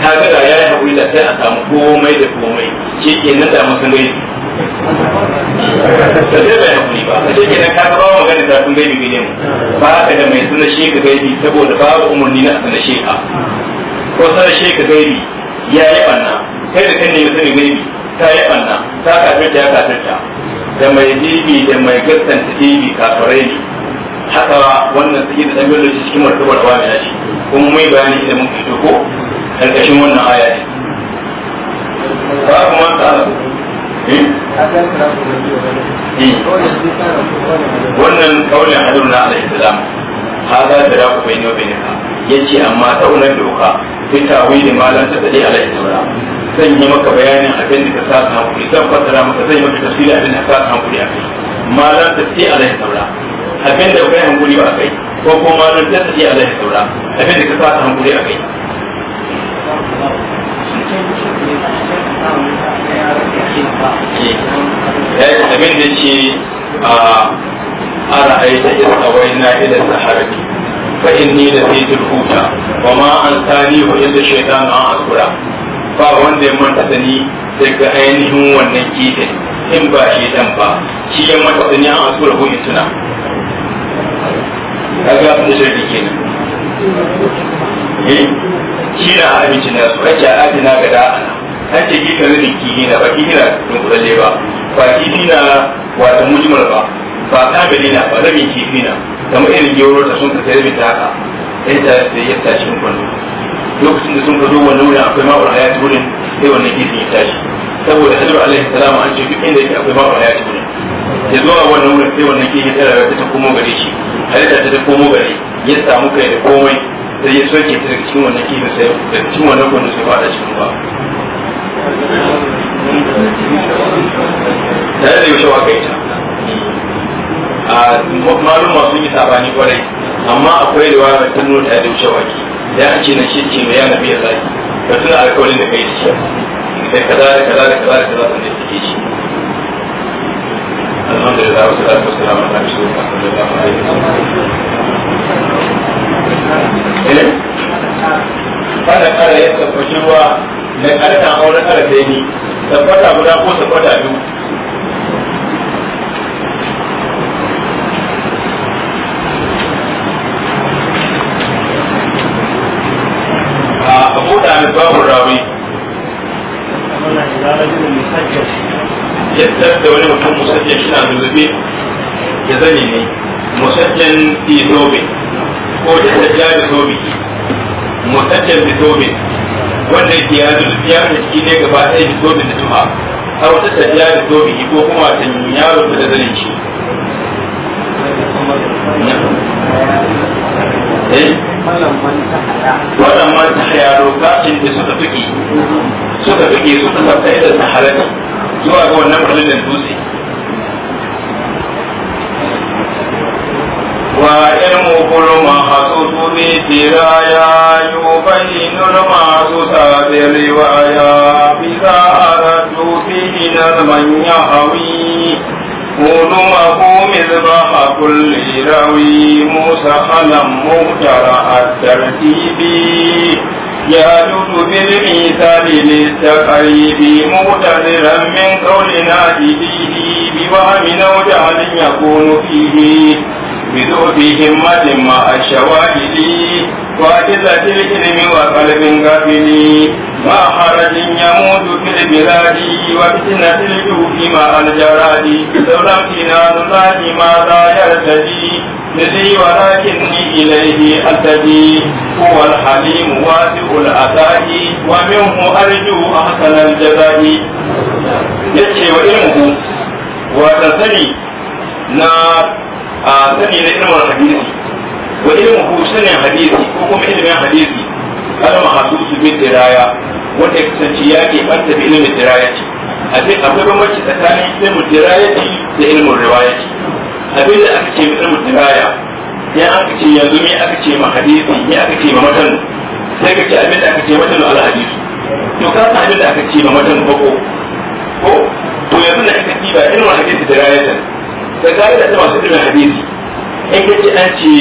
ta ga da yayi hakuri da sai a samu komai da komai shi nan da mun gani da zai bai hakuri ba a cikin ka ba magana da kun gaibi ne mu ba ka da mai suna shi ka gaibi saboda babu umarni na sana shi ko sanar shi ka gaibi ya yi banna kai da kan ne mai sunna gaibi ta yi banna ta kafirta ya kafirta da mai dibi da mai gaskanta dibi kafirai ne haka wannan suke da ɗan shi cikin martabar wa mai shi kuma mai bayani idan mun fito ko karkashin wannan aya ne ba kuma ta eh? Eh. wannan kaulin hajar na ala islam hada da raku bai ne bai ne ka yace amma taunar doka fitawi da malan ta dade ala islam zan yi maka bayanin abin da ka sa ka hankuri zan fassara maka zan yi maka tafsiri abin da ka sa ka hankuri a kai ma za ta ce alaihi saura abin da kai hankuri ba a kai ko kuma ma za ta ce alaihi saura abin da ka sa ka hankuri a kai eh, yayin abin da ce a ara aita isa waina ila saharati fa inni da fitul huta wa ma an tani wa yadda shaitan an asura. ba wanda ya manta sani daga ainihin wannan kide in ba shi dan ba shi ya manta sani an asu rahu in tuna kaga abin da shirki kenan eh shi na abinci na su ake abin na gada an ce ki kan rin kihi na ba kihi na kudale ba ba ki na wata mujmal ba ba kamili na ba rabin kihi na kamar irin gero ta sun ka sai rabin ta haka ta sai ta shi lokacin da sun ga zo nuna akwai ma'ura ya ci wurin sai wannan kifin ya tashi saboda hajjar alaihi salam an ce duk inda yake akwai ma'ura ya ci wurin ya zo a wannan wurin sai wannan kifin ta rayuwa ta komo gare shi halitta ta ta komo gare ya samu kai da komai sai ya soke ta daga cikin wannan kifin sai daga cikin wannan gwanin sai fada cikin ba tare da yaushe wa kai ta a malum masu yi sabani kwarai amma akwai riwaya ta nuna ta yaushe wa ke da ya ce na shi ce mai yana biya ka tuna alkawarin da kai da shi da kaza da kaza da kaza da kaza da ne take shi alhamdulillah wasu da wasu da mata shi da da da ba da kare ya tsakwashi ruwa da karkan auren karfe ni tabbata guda ko tabbata biyu da wani mutum musajjan shi na zuzube ya zane ne musajjan fi zobe ko da ta ja zobe musajjan fi zobe wanda ke ya zuzube ya mai ciki ne gaba ɗaya da zobe da tuma har wata ta ja zobe ko kuma ta yaro da zanen shi eh? waɗannan ta yaro gashin da suka tuki suka tuki suka tafi da ta halatta zuwa ga wannan kulin dutse wa ilmu kulma hasu tumi tiraya yu bani nur masu sabi riwaya fi sa'ara tufi hinar manya hawi kunu mako mizba a kulli rawi musa alam mu jara'ar يهجر بالميثال للتقريب مقتدرا من قول نائبه بوهم أو جهل يكون فيه بذوب همة مع الشواهد وأجزة العلم وقلب قابل ما حرج يموت في البلاد وفتنة الجوف مع الجراد لولا امتنان الله ماذا يرتدي الذي ولكني إليه أتدي هو الحليم واسع العطاء ومنه أرجو أحسن الجزاء yace wa ilmuhu wata sani na sani ilmin hadisi wa ilmuhu sanin hadisi ko kuma ilmin hadisi kada mahasusu bin diraya wanda ya ke banta da ilmin dirayati a sai akwai bambanci tsakanin ilmin dirayati da ilmin riwayati abin da aka ce mutum baya ya aka ce yanzu me aka ce ma hadisi ya aka ce ma matan sai ka ce abin da aka ce matan ala hadisi to ka san abin da aka ce ma matan bako ko to yanzu da aka ci ba ilmin hadisi diraya ta da yi da masu ilmin hadisi in ka ce an ce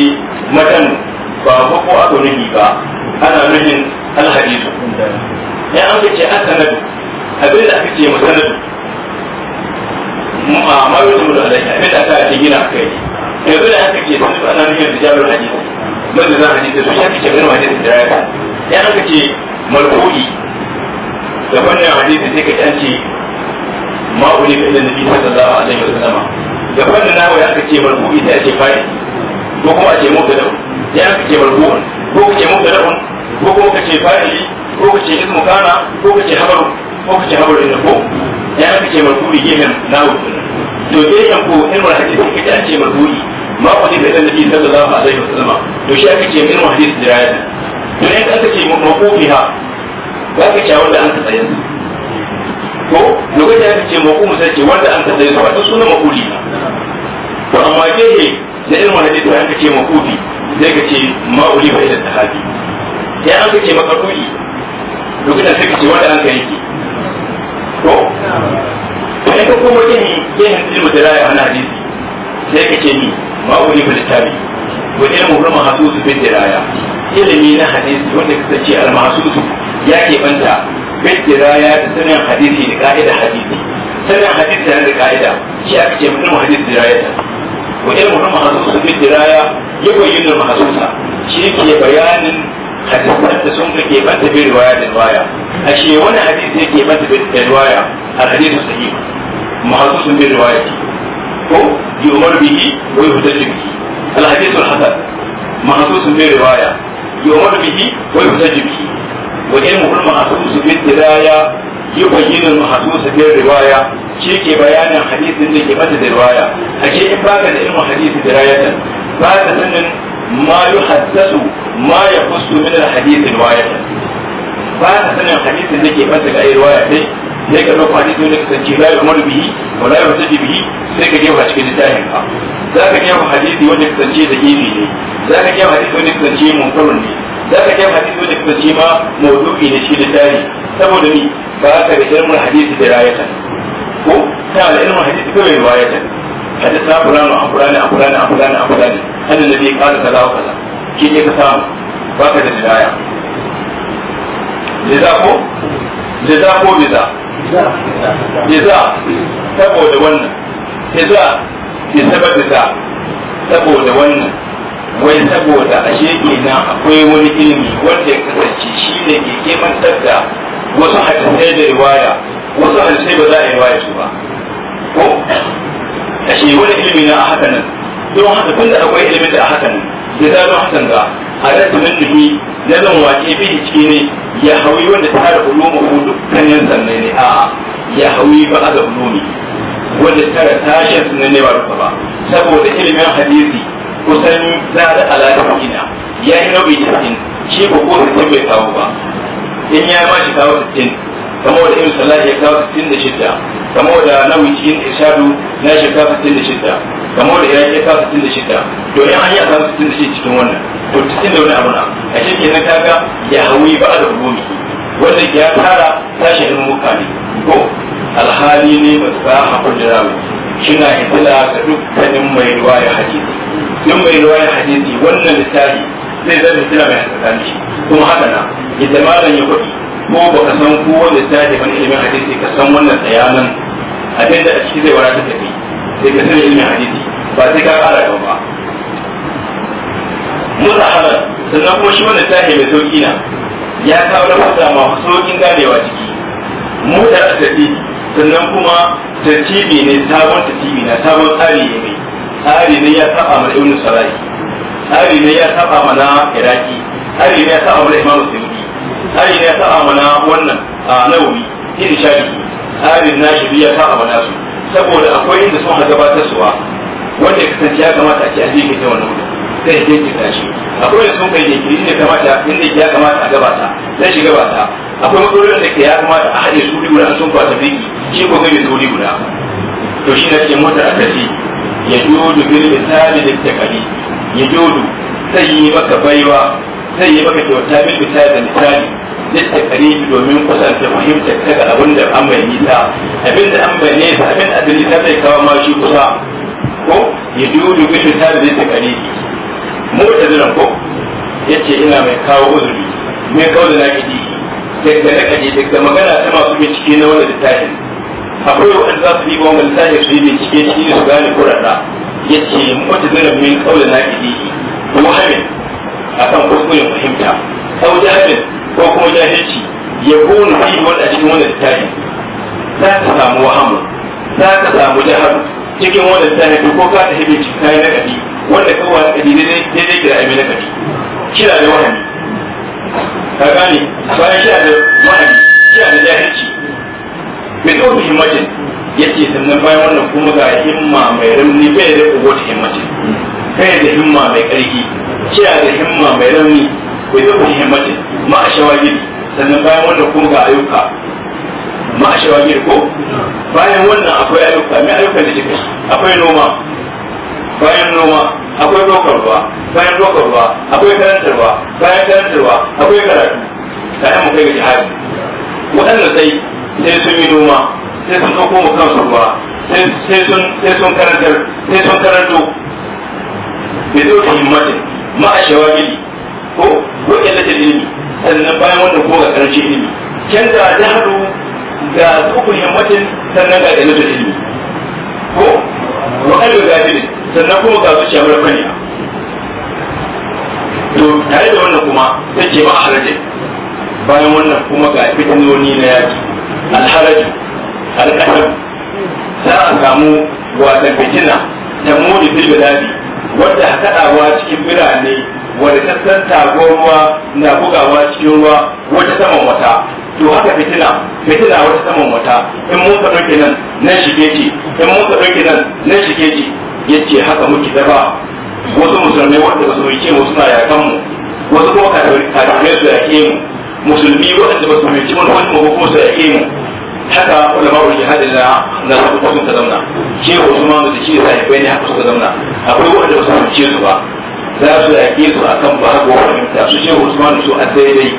matan ba bako a tsoron ba ana nuhin al hadisi ya an ce asanadu abin da aka ce sanadu. ma ma yi zuwa alaihi abin da aka ce gina kai yanzu da aka ce sun ba nan da rijalul hadisi mun da hadisi sun yake ce bin hadisi da ya ya aka ce marfu'i da wannan hadisi sai ka yanci ma uli ka ila nabi sallallahu alaihi wasallam da wannan nawa ya aka ce marfu'i da ake fa'i ko kuma ake mubtada ya aka ce marfu'un ko kace mubtada ko kuma kace fa'ili ko kace ismu kana ko kace habaru ko kace habaru ne ko ya aka ce marhuri gehen nawo to gehen ko ilmul hadisi kaje an ce marhuri ma ku ne da annabi sallallahu alaihi wasallam to shi aka ce ilmul hadisi dirayat to ne aka ce ha ba ka ce wanda an ka tsaya ko lokacin da aka ce maqum sai ce wanda an ka tsaya wato sunan maquli to amma ke ne gehe na ilmul hadisi an ka ce maqufi sai ka ce ma'uli bai da sahabi sai an ka ce makaruri lokacin sai ka ce wanda an ka yake ko kai ko kuma yin yin ilmu da raya ana hadisi sai ka ce ni ma wani bilitabi wa ilmu ga mahasusu bin diraya ilimi na hadisi wanda ka ce al-mahasusu ya ke banta bin diraya da sanin hadisi da ka'ida hadisi sanin hadisi da ka'ida shi aka ce mu hadisi diraya wa ilmu ga mahasusu bin diraya shi ke bayanin hadisan da sun ke banta bi riwaya da riwaya a shi wani hadisi yake banta bi riwaya al hadisu sahih mahsusun bi riwaya ko yumar bihi Ko yuhtaju bihi al hadisu al hasan mahsusun bi riwaya yumar bihi wa yuhtaju bihi wa ilmu al mahsus bi riwaya yubayyin al mahsus bi riwaya shi ke bayanin hadisin da ke banta da riwaya a shi in baka da ilmu hadisi da rayatan. ba ka sanin ma yuhaddathu ma ya yaqussu min al-hadith riwayat ba ka sanin hadisin da ke fasa ga riwaya dai sai ka dauka hadisin da kasance la yu'malu bihi wa la yuhtadi bihi sai ka jefa cikin littafin ka za ka jefa hadisi wanda kasance da ibi ne za ka jefa hadisi wanda kasance munkarun ne za ka jefa hadisi wanda kasance ma mawdu'i ne cikin littafi saboda ni ba ka da ilmul hadisi da rayatan ko ta da ilmul hadisi kawai riwayatan حدثنا فلان عن فلان عن فلان عن فلان عن فلان أن النبي قال كذا وكذا كيف يتسامى وهكذا الآية لذا هو لذا هو لذا لذا saboda wannan hiza ke sabata ta saboda wannan wai saboda ashe na akwai wani ilimi wanda ya kasance shi ne ke kemantar da wasu hadisai da riwaya wasu hadisai ba za a yi riwaya su ba ko ashe wani ilimi na a haka nan don haka tun da akwai ilimin da a haka nan da zama hakan ga a rasu nan dubi na zan wace bi ciki ne ya hauyi wanda ta da uluma hudu kan yan sanne ne a ya hauyi ba a da ulumi wanda tara tashin sunan ne ba rufa ba saboda ilimin hadisi kusan za da alaƙa ina ya yi nau'i da shi ko ko bai kawo ba in ya ma shi kawo sittin kamar da irin sallah ya kawo shidda kamar da nawi cikin ishadu na shi kawo shidda kamar da iraki ya kawo 66 to in an yi da shi cikin wannan to cikin da wani abu na a shi kenan kaga ya hawi ba da rumi wanda ya tara tashi in muka ne ko alhali ne ba su a kundin rami kina hitila ga dukkanin mai ruwa ya hadisi duk mai ruwa ya hadisi wannan littafi zai zai suna mai tsakani kuma haka na yadda malam ya kuɗi ko ba ka san ko wanda ta da wani ilimin hadisi ka san wannan tsayanan abin da a ciki zai wara ta tafi sai ka san ilimin hadisi ba sai ka ƙara gaba ba mutsa halar sannan kuma shi wannan tahi mai sauƙi na ya kawo lafuta ma sauƙin ganewa ciki mutar tafi sannan kuma tartibi ne sabon tartibi na sabon tsari ne mai tsari ne ya saba ma ibnu sarai hari ne ya saba mana iraki hari ne ya saba mana imamu sirri hari ne ya saba mana wannan a nawawi irin shari'i harin na shi ya saba mana su saboda akwai inda sun gabatar suwa wanda ya kasance ya kamata a ce an jirgin ta wannan sai ya jirgin shi akwai da sun kai jinkiri ne kamata inda ya kamata a gabata zai shi gabata akwai matsalolin da ke ya kamata a haɗe su guda an sun kwata biki shi ko kai su guda to shi na ce mota a tafi ya duro da bilin tsari da takali ya jodu sai yi maka baiwa sai yi maka kyauta min misali da misali yadda kare domin kusanta fahimta daga abin da an bai nisa abin da an bai nesa abin da adali ta zai kawo ma shi kusa ko ya jodu ga shi ta zai ta kare da ziran ko yace ina mai kawo uzuri me kawo da na kiji daga na kaji daga magana ta masu bincike na wani littafin akwai waɗanda za su yi wa wani littafin su yi bincike shi su gane kurarra yace mutu zira min kaulin na idihi muhammin akan kuskuren fahimta aw jahilin ko kuma jahilci ya kone fi wanda a cikin wannan tashi za ka samu wahamu za ka samu jahalu cikin wannan tashi ko ka ta hibe cikin kayan na kadi wanda kawai na kadi daidai kira abin na kadi kira da wahami ka gane bayan kira da wahami kira da jahilci mai tsawon muhimmancin yace sannan bayan wannan kuma ga himma mai rauni bai da kogo ta himmaci kai da himma mai karfi kiya da himma mai rauni bai da kogo himmaci ma a shawagi sannan bayan wannan kuma ga ayyuka ma a shawagi ko bayan wannan akwai ayyuka mai ayyuka da jikin akwai noma bayan noma akwai dokarwa bayan dokarwa akwai karantarwa bayan karantarwa akwai karatu sai mu kai ga jihadi waɗannan sai sai sun yi noma sai sun ɗauko mu kansu ruwa sai sun karantar sai sun karanto bai zo da himmatin ma a shawagili ko ko ƙyallace ilimi sannan bayan wannan ko ga ƙarshe ilimi can da jihadu ga tsukun himmatin sannan ga ƙyallace ilimi ko wa'alu gafilin sannan kuma ga zuciya mara a. to tare da wannan kuma sai ce ma a harajin bayan wannan kuma ga fitinoni na yaki alharajin alƙalin za a samu wasan fitina ta muni fil biladi wadda kaɗawa cikin birane wadda ta tagon ruwa na bugawa cikin ruwa wata saman wata to haka fitina fitina wata saman wata in mun ka ɗauke nan nan shige ci in mun ka ɗauke nan nan shige ce yace haka muke zaba wasu musulmai wanda ba su rike mu suna yakan mu wasu kuma kafirai su yake mu musulmi wanda ba su rike mu wani mu kuma su yake mu haka ulamar jihadi na na sabu sun ta zauna ke Usman da shi sai bai ne haka suka zauna akwai wanda ba su fice su ba za su yake su akan ba ko fahimta su ce Usman su a daidai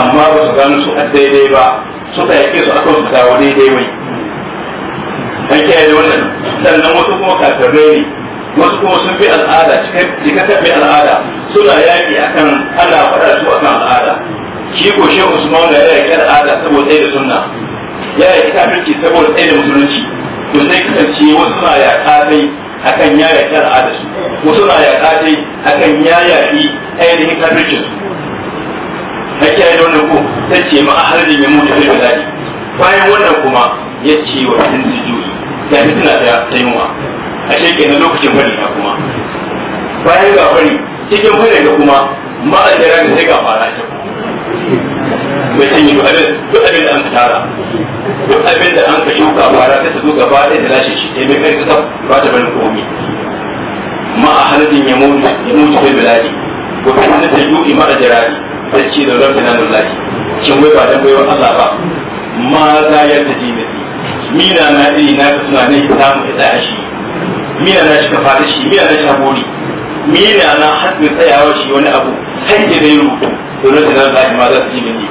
amma ba su gano su a daidai ba su ta suka yake su akan su dawo daidai wai an kiyaye da wannan sannan wasu kuma kafirai ne wasu kuma sun bi al'ada cikakken bi al'ada suna yaƙi akan ana faɗa su akan al'ada shi ko shehu usman da ya yaƙi al'ada saboda ɗaya da sunna ya yi kafirci saboda tsaye da musulunci to sai kasance wasu na yaƙa dai akan ya yaƙi al'ada su wasu na yaƙa dai akan ya yaƙi ainihin kafircin su na kiyaye da wannan ko ta ce ma a halin ya mutu bai bala'i bayan wannan kuma ya ce wa sun sujudi ya fi suna da taimuwa a shekai na lokacin fari na kuma bayan ga fari cikin fari da kuma ma'ajira da sai ga fara ta mai yi duk abin duk abin da an ka tara duk abin da an ka shuka bara sai ta zo gaba ɗaya da lashe shi sai mai kai ta ba ta bari komi ma a halittin ya mutu ya mutu bai biladi ko kuma ta yi ma a jirari sai ce da rabbi na lullahi shin wai ba dan wai Allah ba ma za ya taji da mina na iri na ka suna ne samu ita a shi mina na shi ka fara shi mina na shi hakuri mina na hadin tsayawa shi wani abu sai da dai rubutu da ina da ma za su yi mini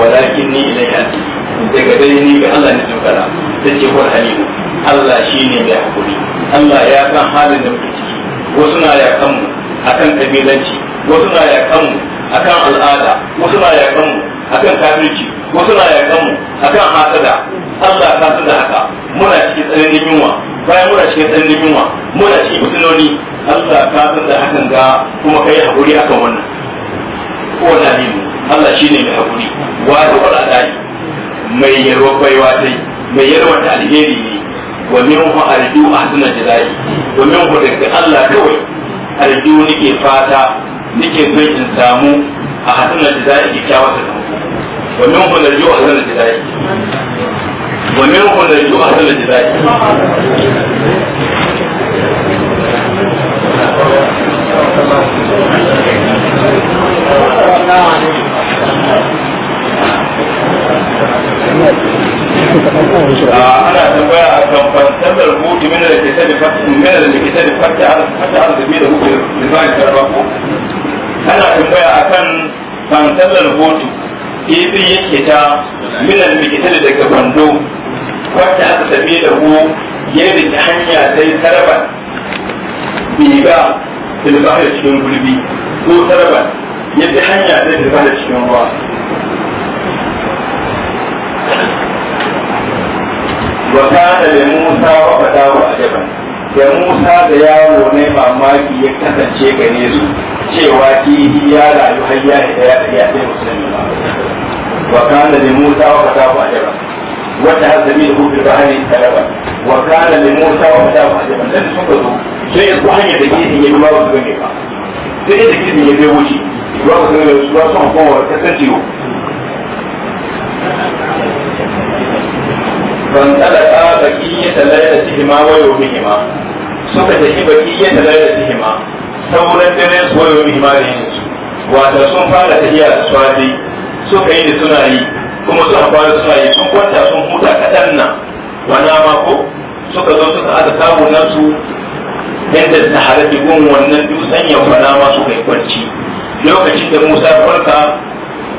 walakin ni ilai yanti daga dai ni ga Allah ne sun kana sai ce wal halimu Allah shi ne mai hakuri Allah ya san halin da muke ciki wasu na ya kanmu kan kabilanci wasu na ya kanmu kan al'ada wasu na ya kanmu kan kafirci wasu na ya kanmu kan hasada Allah ta da haka muna cikin tsananin yunwa bayan muna cikin tsananin yunwa muna cikin fitinoni Allah ka san da hakan ga kuma kai hakuri akan wannan ko na min Allah shine mai hakuri wa da wala dai mai yarwa baiwa dai mai yarwa da alheri ne wa min hu arju ahsana jazai wa min hu da Allah kawai arju nake fata nake in samu a hasunan jazai kyakkyawar sakamako wa min hu arju ahsana jazai wa min hu arju ahsana jazai Thank you. ana tambaya a kan fantasar hudu min da ke tabi fata da ke tabi fata fata arzumi da hudu da bayan karba ko ana tambaya a kan fantasar hudu ibin yake ta min da ke tabi daga bando fata arzumi da hu yadda ta hanya sai tarban biga da bayan cikin gulbi ko tarban yadda hanya zai tafi da cikin ruwa wa kana da Musa wa fadawa ajaban da Musa da yaro ne mamaki ya kasance gare su cewa ya rayu ya ya sai musulmi ba wa da Musa wa fadawa ajaban wata hazami da hukun talaba wa da Musa wa ajaban ka zo sai ya hanya da kihi ya bi su gane ba sai da kihi ya bi wuce doivent, être tirés. فانطلقا بقية ليلتهما ويومهما suka tafi bakiyyar da lai da sihima sauran dare su wayo hima da yin su wata sun fara tafiya da swadi suka yi da suna yi kuma suka fara suna yi sun kwanta sun huta kaɗan zo aka yadda ta yi kwanci lokacin da Musa farka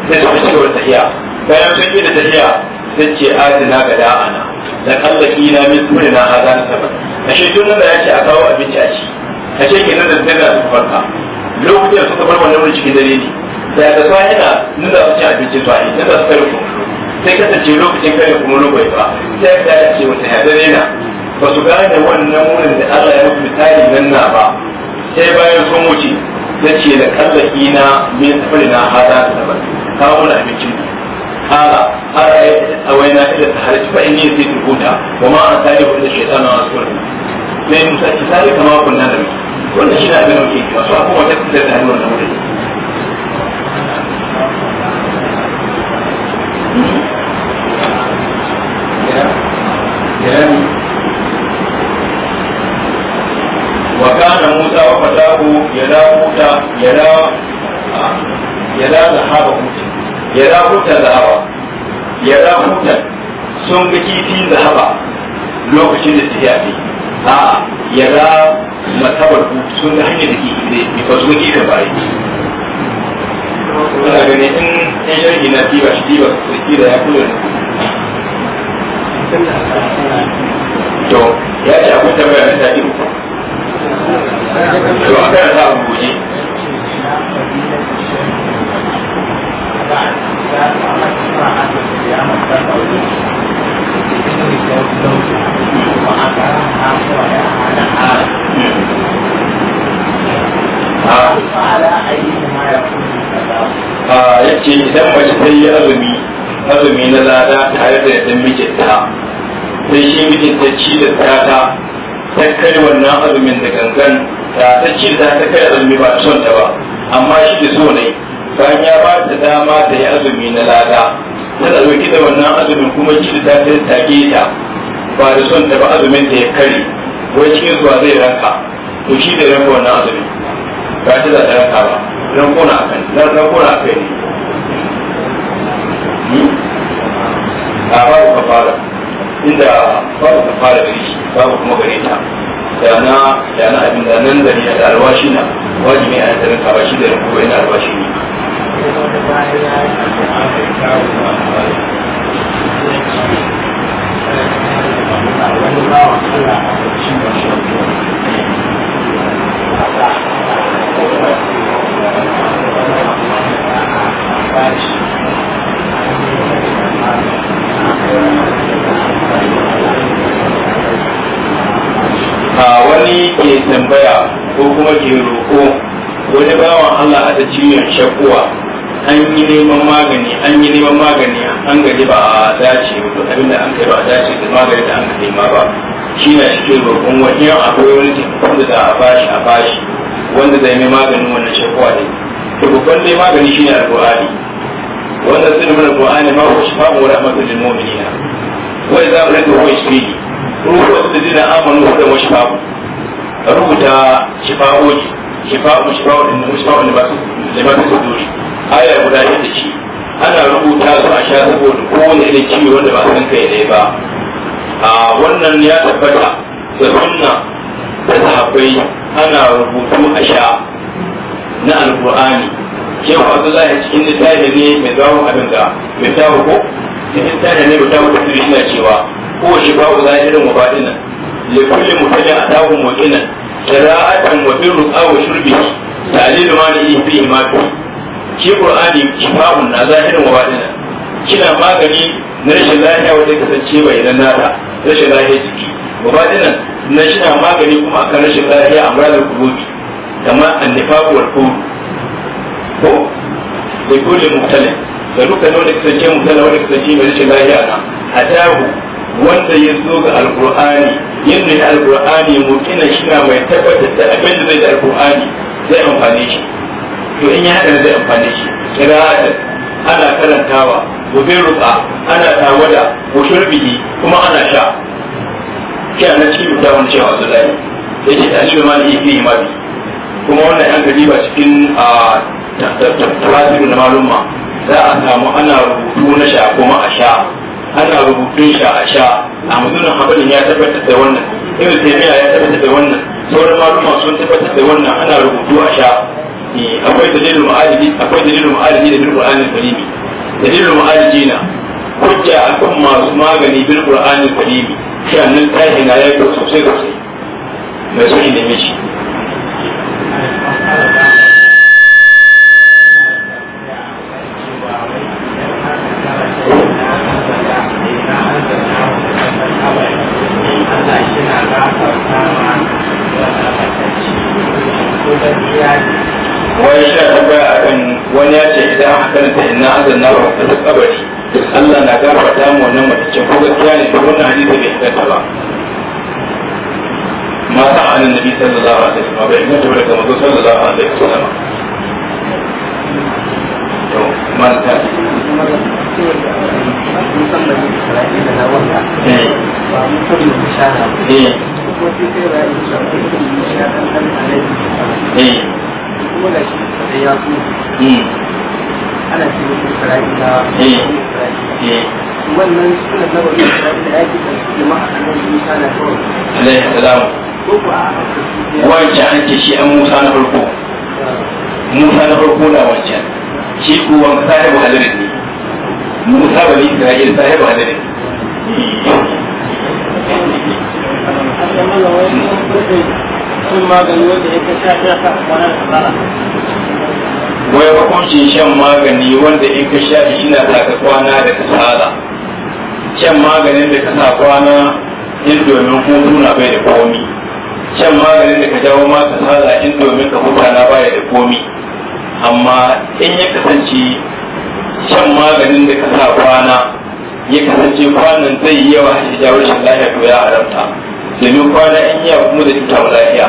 da su ce wa tahiya bayan sun yi da tahiya sun ce azina ga da'ana da kallaki na min tuni na hada na a ashe tun nan da ya ce a kawo abinci a ci ashe kenan da zai da su farka lokacin suka bar wannan cikin dare ne da ya sai yana nan da su ci abinci to nan da su kare kuma sai kasance lokacin kare kuma lokaci ba sai da ya ce wata hadare na ba su gane wannan wurin da Allah ya mutu misali nan na ba sai bayan sun wuce ya ce da kallaki na min tafari na hada da daban kawo wani abincin kala har a yi na ila ta harci ba in yi zai tuhuta wa ma an tare wani da shaitan na wasu wani sai musa ki tare kama kunna da mai wannan shi na abin da muke kima su a kuma tafi da tare wannan wuri Yeah. Yeah. talaqu yala huta yala ah, zahaba huta huta zahaba huta sun ga kifi zahaba lokacin da tafiya ah, ne a yala matabar sun ga hanyar da ke ne ba su ga kifin ba in in yarki na tiba shi tiba da ya kula da to ya ce abin tambaya na ta to a kai za mu goji a yace idan mace ta yi azumi azumi na lada tare da yadda mijinta sai shi mijinta ci da ta ta kai wannan azumin da gangan ta ta ce za ta kai azumi ba son ta ba amma shi da so ne bayan ya ba ta dama ta yi azumi na lada ta ɗauki kida wannan azumin kuma shi da ta ke ta ba da son ta ba azumin ta ya kare wai cikin zuwa zai ranka to shi da ranka wannan azumi ba ta za ta ranka ba rankuna a kan rankuna a kai ne hmm? a babu kafara inda babu kafara da shi kama kuma gare ta da na da na abin da nan da ne da alwashi na wajibi a yanzu ka ba shi da ko ina alwashi ne Thank you. wani ke tambaya ko kuma ke roƙo wani bawan Allah a ta ciwon shakuwa an yi neman magani an yi neman magani an gari ba a dace abin abinda an kai ba a dace da magani da an ka nema ba shi na shi ke roƙon wani yau akwai wani taimakon da za a bashi a bashi wanda zai mai maganin wannan shakuwa ne babban dai magani shi ne alƙur'ani wanda sun mana alƙur'ani ma ko shi fa mu rahmatul lil mu'minina wa idza ulatu shi ne ruwan da zina amanu da wasu babu rubuta shifa'o'i shifa'u shifa'u da wasu babu da ba su dori aya guda da shi ana rubuta su a sha saboda kowane irin ciwo wanda ba san kai ne ba a wannan ya tabbata da sunna da sahabbai ana rubutu a sha na alkur'ani shehu abdullahi cikin littafi ne mai zawon abin da mai tawo ko cikin littafi ne mai tawo da sirri na cewa wa هو شفاء ظاهر وباطنا لكل مبتدع أتاه مؤمنا قراءة وبر أو شربه تعليل ما لديه فيه ما فيه shi qur'ani shifa'un na zahirin wa batina kina magani na rashin lafiya wanda kasance bai na ta rashin lafiya jiki wa batinan na shi na magani kuma akan rashin lafiya a muradar kurubi kamar annifaku wal kuru ko da kulle mutane da duka ne wanda kasance mutane wanda kasance mai rashin lafiya na hatahu wanda ya zo ga alkur'ani yin da alkur'ani mutuna shi na mai tabbatar da abin da zai da alkur'ani zai amfane shi to in ya haɗa zai amfane shi kira ana karantawa wa bin ruba ana tawada wa shurbihi kuma ana sha kira na cikin da wani cewa su zai da ke tashi ma da yi ma kuma wannan yan gari ba cikin a tafasiru na malumma za a samu ana rubutu na sha kuma a sha ana rubutun sha a sha a mutumin habalin ya tabbatar da wannan ibn taymiya ya tabbatar da wannan sauran maluma sun tabbatar da wannan ana rubutu a sha eh, akwai dalilul mu'aliji akwai dalilul mu'aliji da bil qur'anil karimi dalilul mu'alijina hujja akan masu magani bil qur'anil karimi shi annan tahi na yayi sosai sosai mai sun ne mishi wani sha tambaya a kan wani ya ce idan aka karanta ina azan na ba ta kabari Allah na gafarta mu wannan mutum ko gaskiya ne duk wannan hadisi bai inganta ba ma sa an nabi sallallahu alaihi wasallam bai inganta ba daga manzo sallallahu alaihi wasallam to man a nan a wancan an shi an musa na farko musa na farko na wancan shi ko sahibu halirin ne musa bani isra'il sahiba da ne wai hukuncin shan magani wanda in ka sha shi na sa ka kwana da kasala shan maganin da ka sa kwana in domin hutu na bai da komi shan maganin da ka jawo ma kasala in domin ka huta na baya da komi amma in ya kasance shan maganin da ka sa kwana ya kasance kwanan zai yi yawa shi jawo shan lafiya to ya haramta domin kwana in yawa kuma da cuta ma lafiya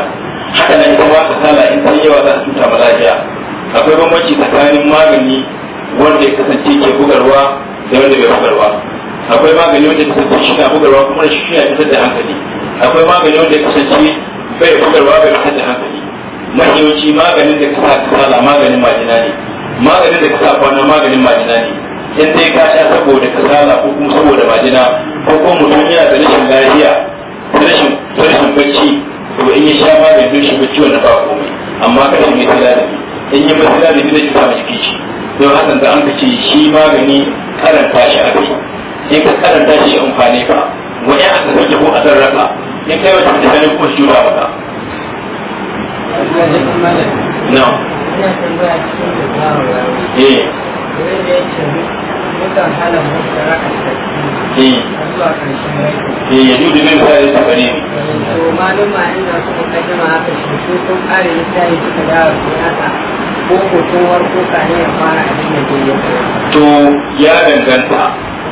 haka nan ita ma sala in ta yawa za ta cuta ma lafiya akwai bambanci tsakanin magani wanda ya kasance ke bugarwa da wanda bai bugarwa akwai magani wanda ya kasance shi na bugarwa kuma shi na fitar da hankali akwai magani wanda ya kasance bai bugarwa bai fitar da hankali mahimmanci maganin da ka sa kasala maganin majina ne maganin da ka sa kwana maganin majina ne in dai ka sha saboda kasala ko kuma saboda majina ko kuma mutum yana da rashin lafiya rashin rashin bacci to in ya sha maganin duk shi bacci wannan ba komai amma kada shi mai tsira da in yi masu da shi zai sa jiki kici don hasan da an kace shi magani karanta shi a kai in ka karanta shi amfani ka wani a ka sauke ko a sarrafa in kai wata da ganin kuma shi ba ka. No. ina tambaya cikin eh. da zawo ya ya ce ne to sun ya dawo ya fara abin da ke to ya danganta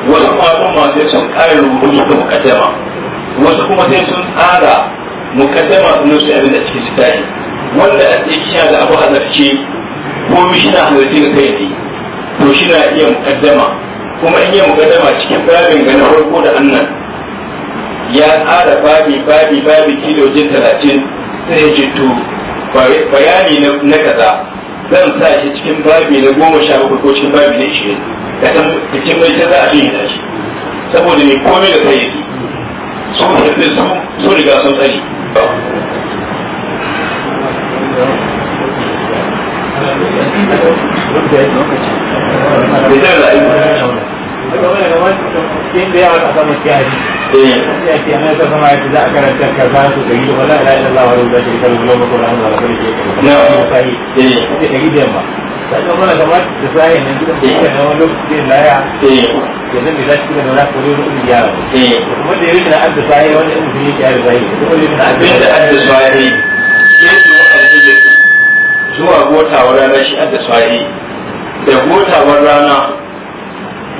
wasu malum ma sun ƙare rubutu da mukaddama wasu kuma sai sun tsara mukaddama sun nufi abin da cikin su wanda a ce shi ga abu azarce ko mishi na halarci kai ne to shi na iya mukaddama kuma in yi mukaddama cikin babin ga na farko da annan ya tsara babi babi babi kilojin talatin sai ya jittu bayani na kaza zan sa shi cikin babi na goma sha bakwai ko cikin babi na ishirin ka san cikin mai ta za a bin ya shi saboda mai komai da kai yake su riga sun tsari da yawa a samun kiyari ya ce ana ta sama yadda za a karanta ka za su ɗari da wala ila ila lawar da ke kan gulo mako ran da kai ke kan na sai da ɗari da yamma sai kuma na kamar da sai ne yadda alhijir zuwa gotawar rana shi da sa'i da gotawar rana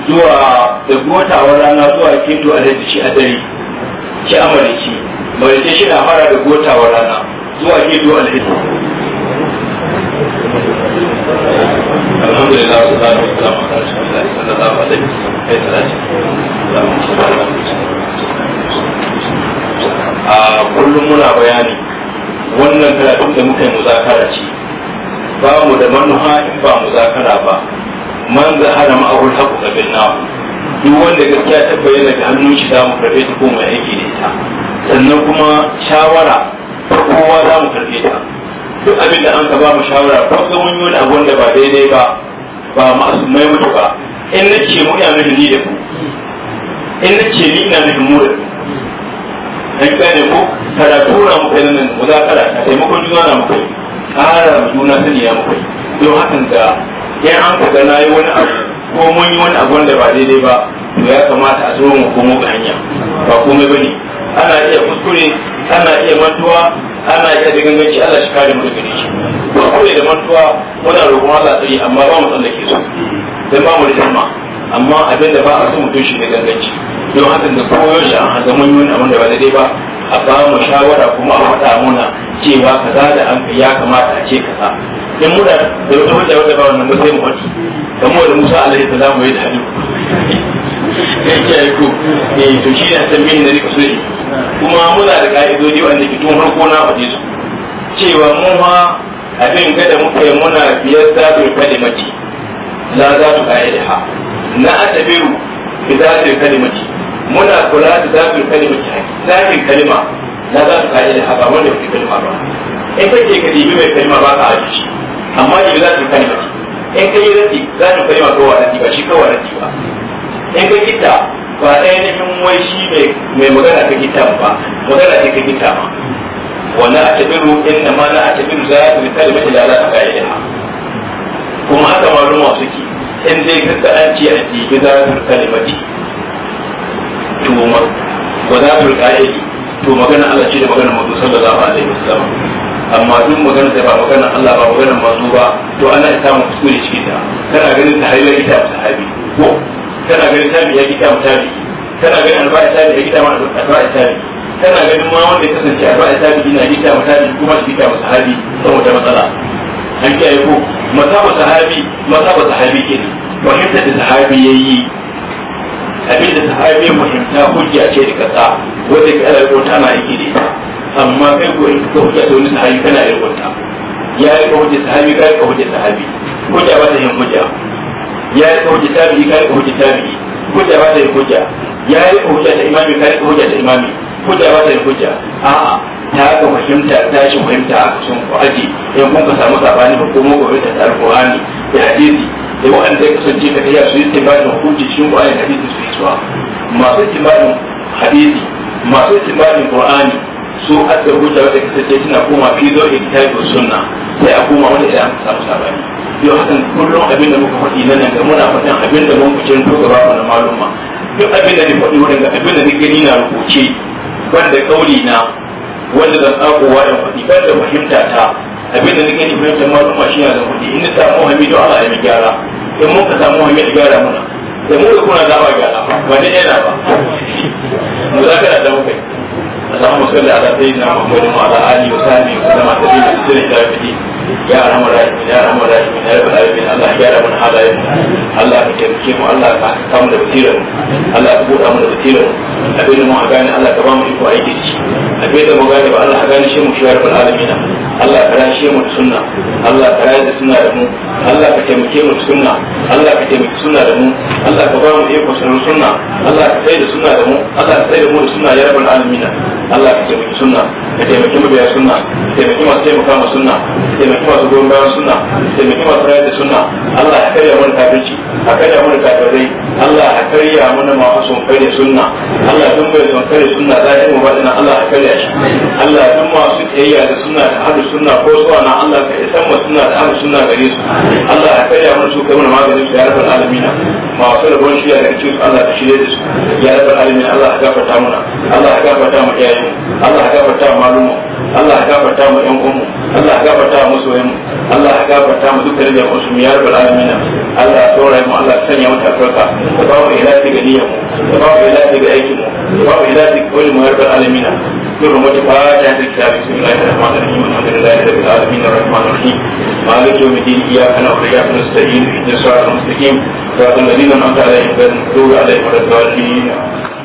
zuwa da gotawar rana zuwa keto alhijir shi a dare ki amalici marice shi na fara da gotawar rana zuwa keto alhijir الحمد لله والصلاة والسلام على a kullum muna bayani wannan karatun da muka yi muzakara ce ba mu da manuha in ba muzakara ba man za hana ma'aurin haku kabin nahu duk wanda gaskiya ta bayyana da hannun shi za mu karɓe ta koma aiki da ita sannan kuma shawara kowa za mu karɓe ta duk abin da an ka ba mu shawara ko ga mun yi wani abu wanda ba daidai ba ba masu mai mutu ba in na ce mu ina nufin ni da ku in na ce ni ina nufin mu da ku dan kare ko karatu na muka nan muzakara a taimakon juna na muka yi mu juna saniya muka yi don hakan da yan an kaga na yi wani abu ko mun yi wani abu wanda ba daidai ba to ya kamata a tsoro mu komo ga hanya ba komai bane ana iya kuskure ana iya mantuwa ana iya da ganganci Allah shi kare mu daga dashi kuskure da mantuwa muna roƙon Allah tsari amma ba mu san da ke so dan ba mu da amma abin da ba a so mutum shi da ganganci don haka da koyo shi an haka mun yi abin da ba daidai ba a ba mu shawara kuma a faɗa muna cewa za da an ya kamata a ce sa in muna da wata wata wata ba wannan sai mu faɗi kamar da Musa alaihi salamu yi da hannu ya yi kiyaye ko eh to shi ne san min da nika so kuma muna da ka'idodi wanda ke tun farko na waje su cewa mu ma abin gada muka yi muna biyar zaɓin kalimati la za tu ka'idaha na atabiru bi zaɓin kalimati muna kula da zaɓin kalima zaɓin kalima na za su kaji da haka wanda fi kalima ba in ka ke ka dibi mai kalima ba ka aji amma dibi za su kalima ce in ka yi rati za su kalima kowa rati ba shi kowa rati ba in ka gita ba ɗaya ainihin wai shi mai magana ka gita ba magana ce ka gita ba wannan a tabiru inda ma na a tabiru za su kalima da za su kaji da kuma haka ma ruwa suke in dai ka an ce a jiki za su kalima ce hadisin wadatul qa'id to magana Allah ce da magana manzo sallallahu alaihi wasallam amma duk magana da ba magana Allah ba magana manzo ba to ana kuskure cikin ta kana ganin ta hayyar ita ko kana ganin ta biya kana ganin alba ta biya alba ta kana ganin ma wanda ya kasance alba ta biya na kuma shi saboda matsala an kiyaye ko masaba sahabi masaba sahabi fahimtar da sahabi yayi abin da sahabi mahimta hujja ce da kasa wanda ke ala rubuta ana aiki da ita amma kai ko in ka hujja da wani sahabi kana yi rubuta ya yi hujja sahabi ka yi hujja sahabi hujja ba ta yin hujja ya yi hujja tabi'i ka yi hujja tabi'i hujja ba ta yin hujja ya yi hujja da imami ka yi hujja da imami hujja ba ta yin hujja a'a ta ka fahimta ta shi fahimta a kusan ku aji in kun ka samu sabani ba ko mu ko ta alqur'ani da hadisi sai waɗanda ya kasance ka tafiya su yi timanin hukunci cikin ƙwayar hadisi su yi suwa masu timanin hadisi masu timanin ƙur'ani su aka rubuta wata kasance suna koma fi zo in ta yi sunna sai a koma wani idan aka samu sabani yau hakan kullum abin da muka faɗi nan nan muna faɗin abin da mun fice to gaba mana maluma duk abin da ni faɗi wurin ga abin da ni gani na rubuce ban da kauli na wanda zan tsakowa da faɗi ban da fahimta ta abin da nake jibrin da ma kuma shi na da kuɗi in ta samu hamidu ala ya gyara in mun ka samu hamidu gyara muna da mu da kuna dawa gyara wani yana ba mu za ka da kai اللهم صل على سيدنا محمد وعلى اله وصحبه وسلم تسليما كثيرا الى يوم الدين يا رحم الراحمين يا رحم الراحمين يا رب العالمين الله يا رب العالمين الله كتمكين الله كامل بصيره الله كبر امر بصيره abin da mu gane Allah ka ba mu iko aiki da abin da mu gane ba Allah ka gane shi mu shi rabbul Allah ka rashe mu da sunna Allah ka da sunna da mu Allah ka taimake mu da sunna Allah ka taimake sunna da mu Allah ka ba mu iko sanin sunna Allah ka sai da sunna da mu Allah ka sai da mu da sunna ya rabbul alamin Allah ka taimake sunna ka taimake mu biya sunna ka taimake mu taimaka mu sunna taimaki masu goyon bayan sunna taimaki masu rayar da sunna Allah ya karya mana kafirci a karya mana kafirai Allah ya karya mana masu son kai da sunna Allah duk bai son kai da sunna da yin wa na Allah ya karya shi Allah duk masu kiyayya da sunna da hadu sunna ko zuwa na Allah ka isan mu sunna da hadu gare su Allah ya karya mana su kai mana su ya masu rabon shi ya Allah shirye da su ya Allah ya gafarta mana Allah ya gafarta mu Allah ya gafarta mu malumu Allah ya gafarta mu yan Allah ya gafarta soye mu Allah ya gafarta mu dukkan da wasu mu yar bala mina Allah ya tsora mu Allah sanya wata farka ta ba mu ila ga niyya mu ta ba mu ila ga aiki mu ta ba mu ila ga kullu mu yar bala mina kullu mu ta fara ta da kitab bismillahir rahmanir rahim alhamdulillahi rabbil alamin arrahmanir rahim maliki yawmid din iya kana wa iya nasta'in ihdina siratal mustaqim siratal ladzina an'amta alaihim ghayril maghdubi alaihim waladdallin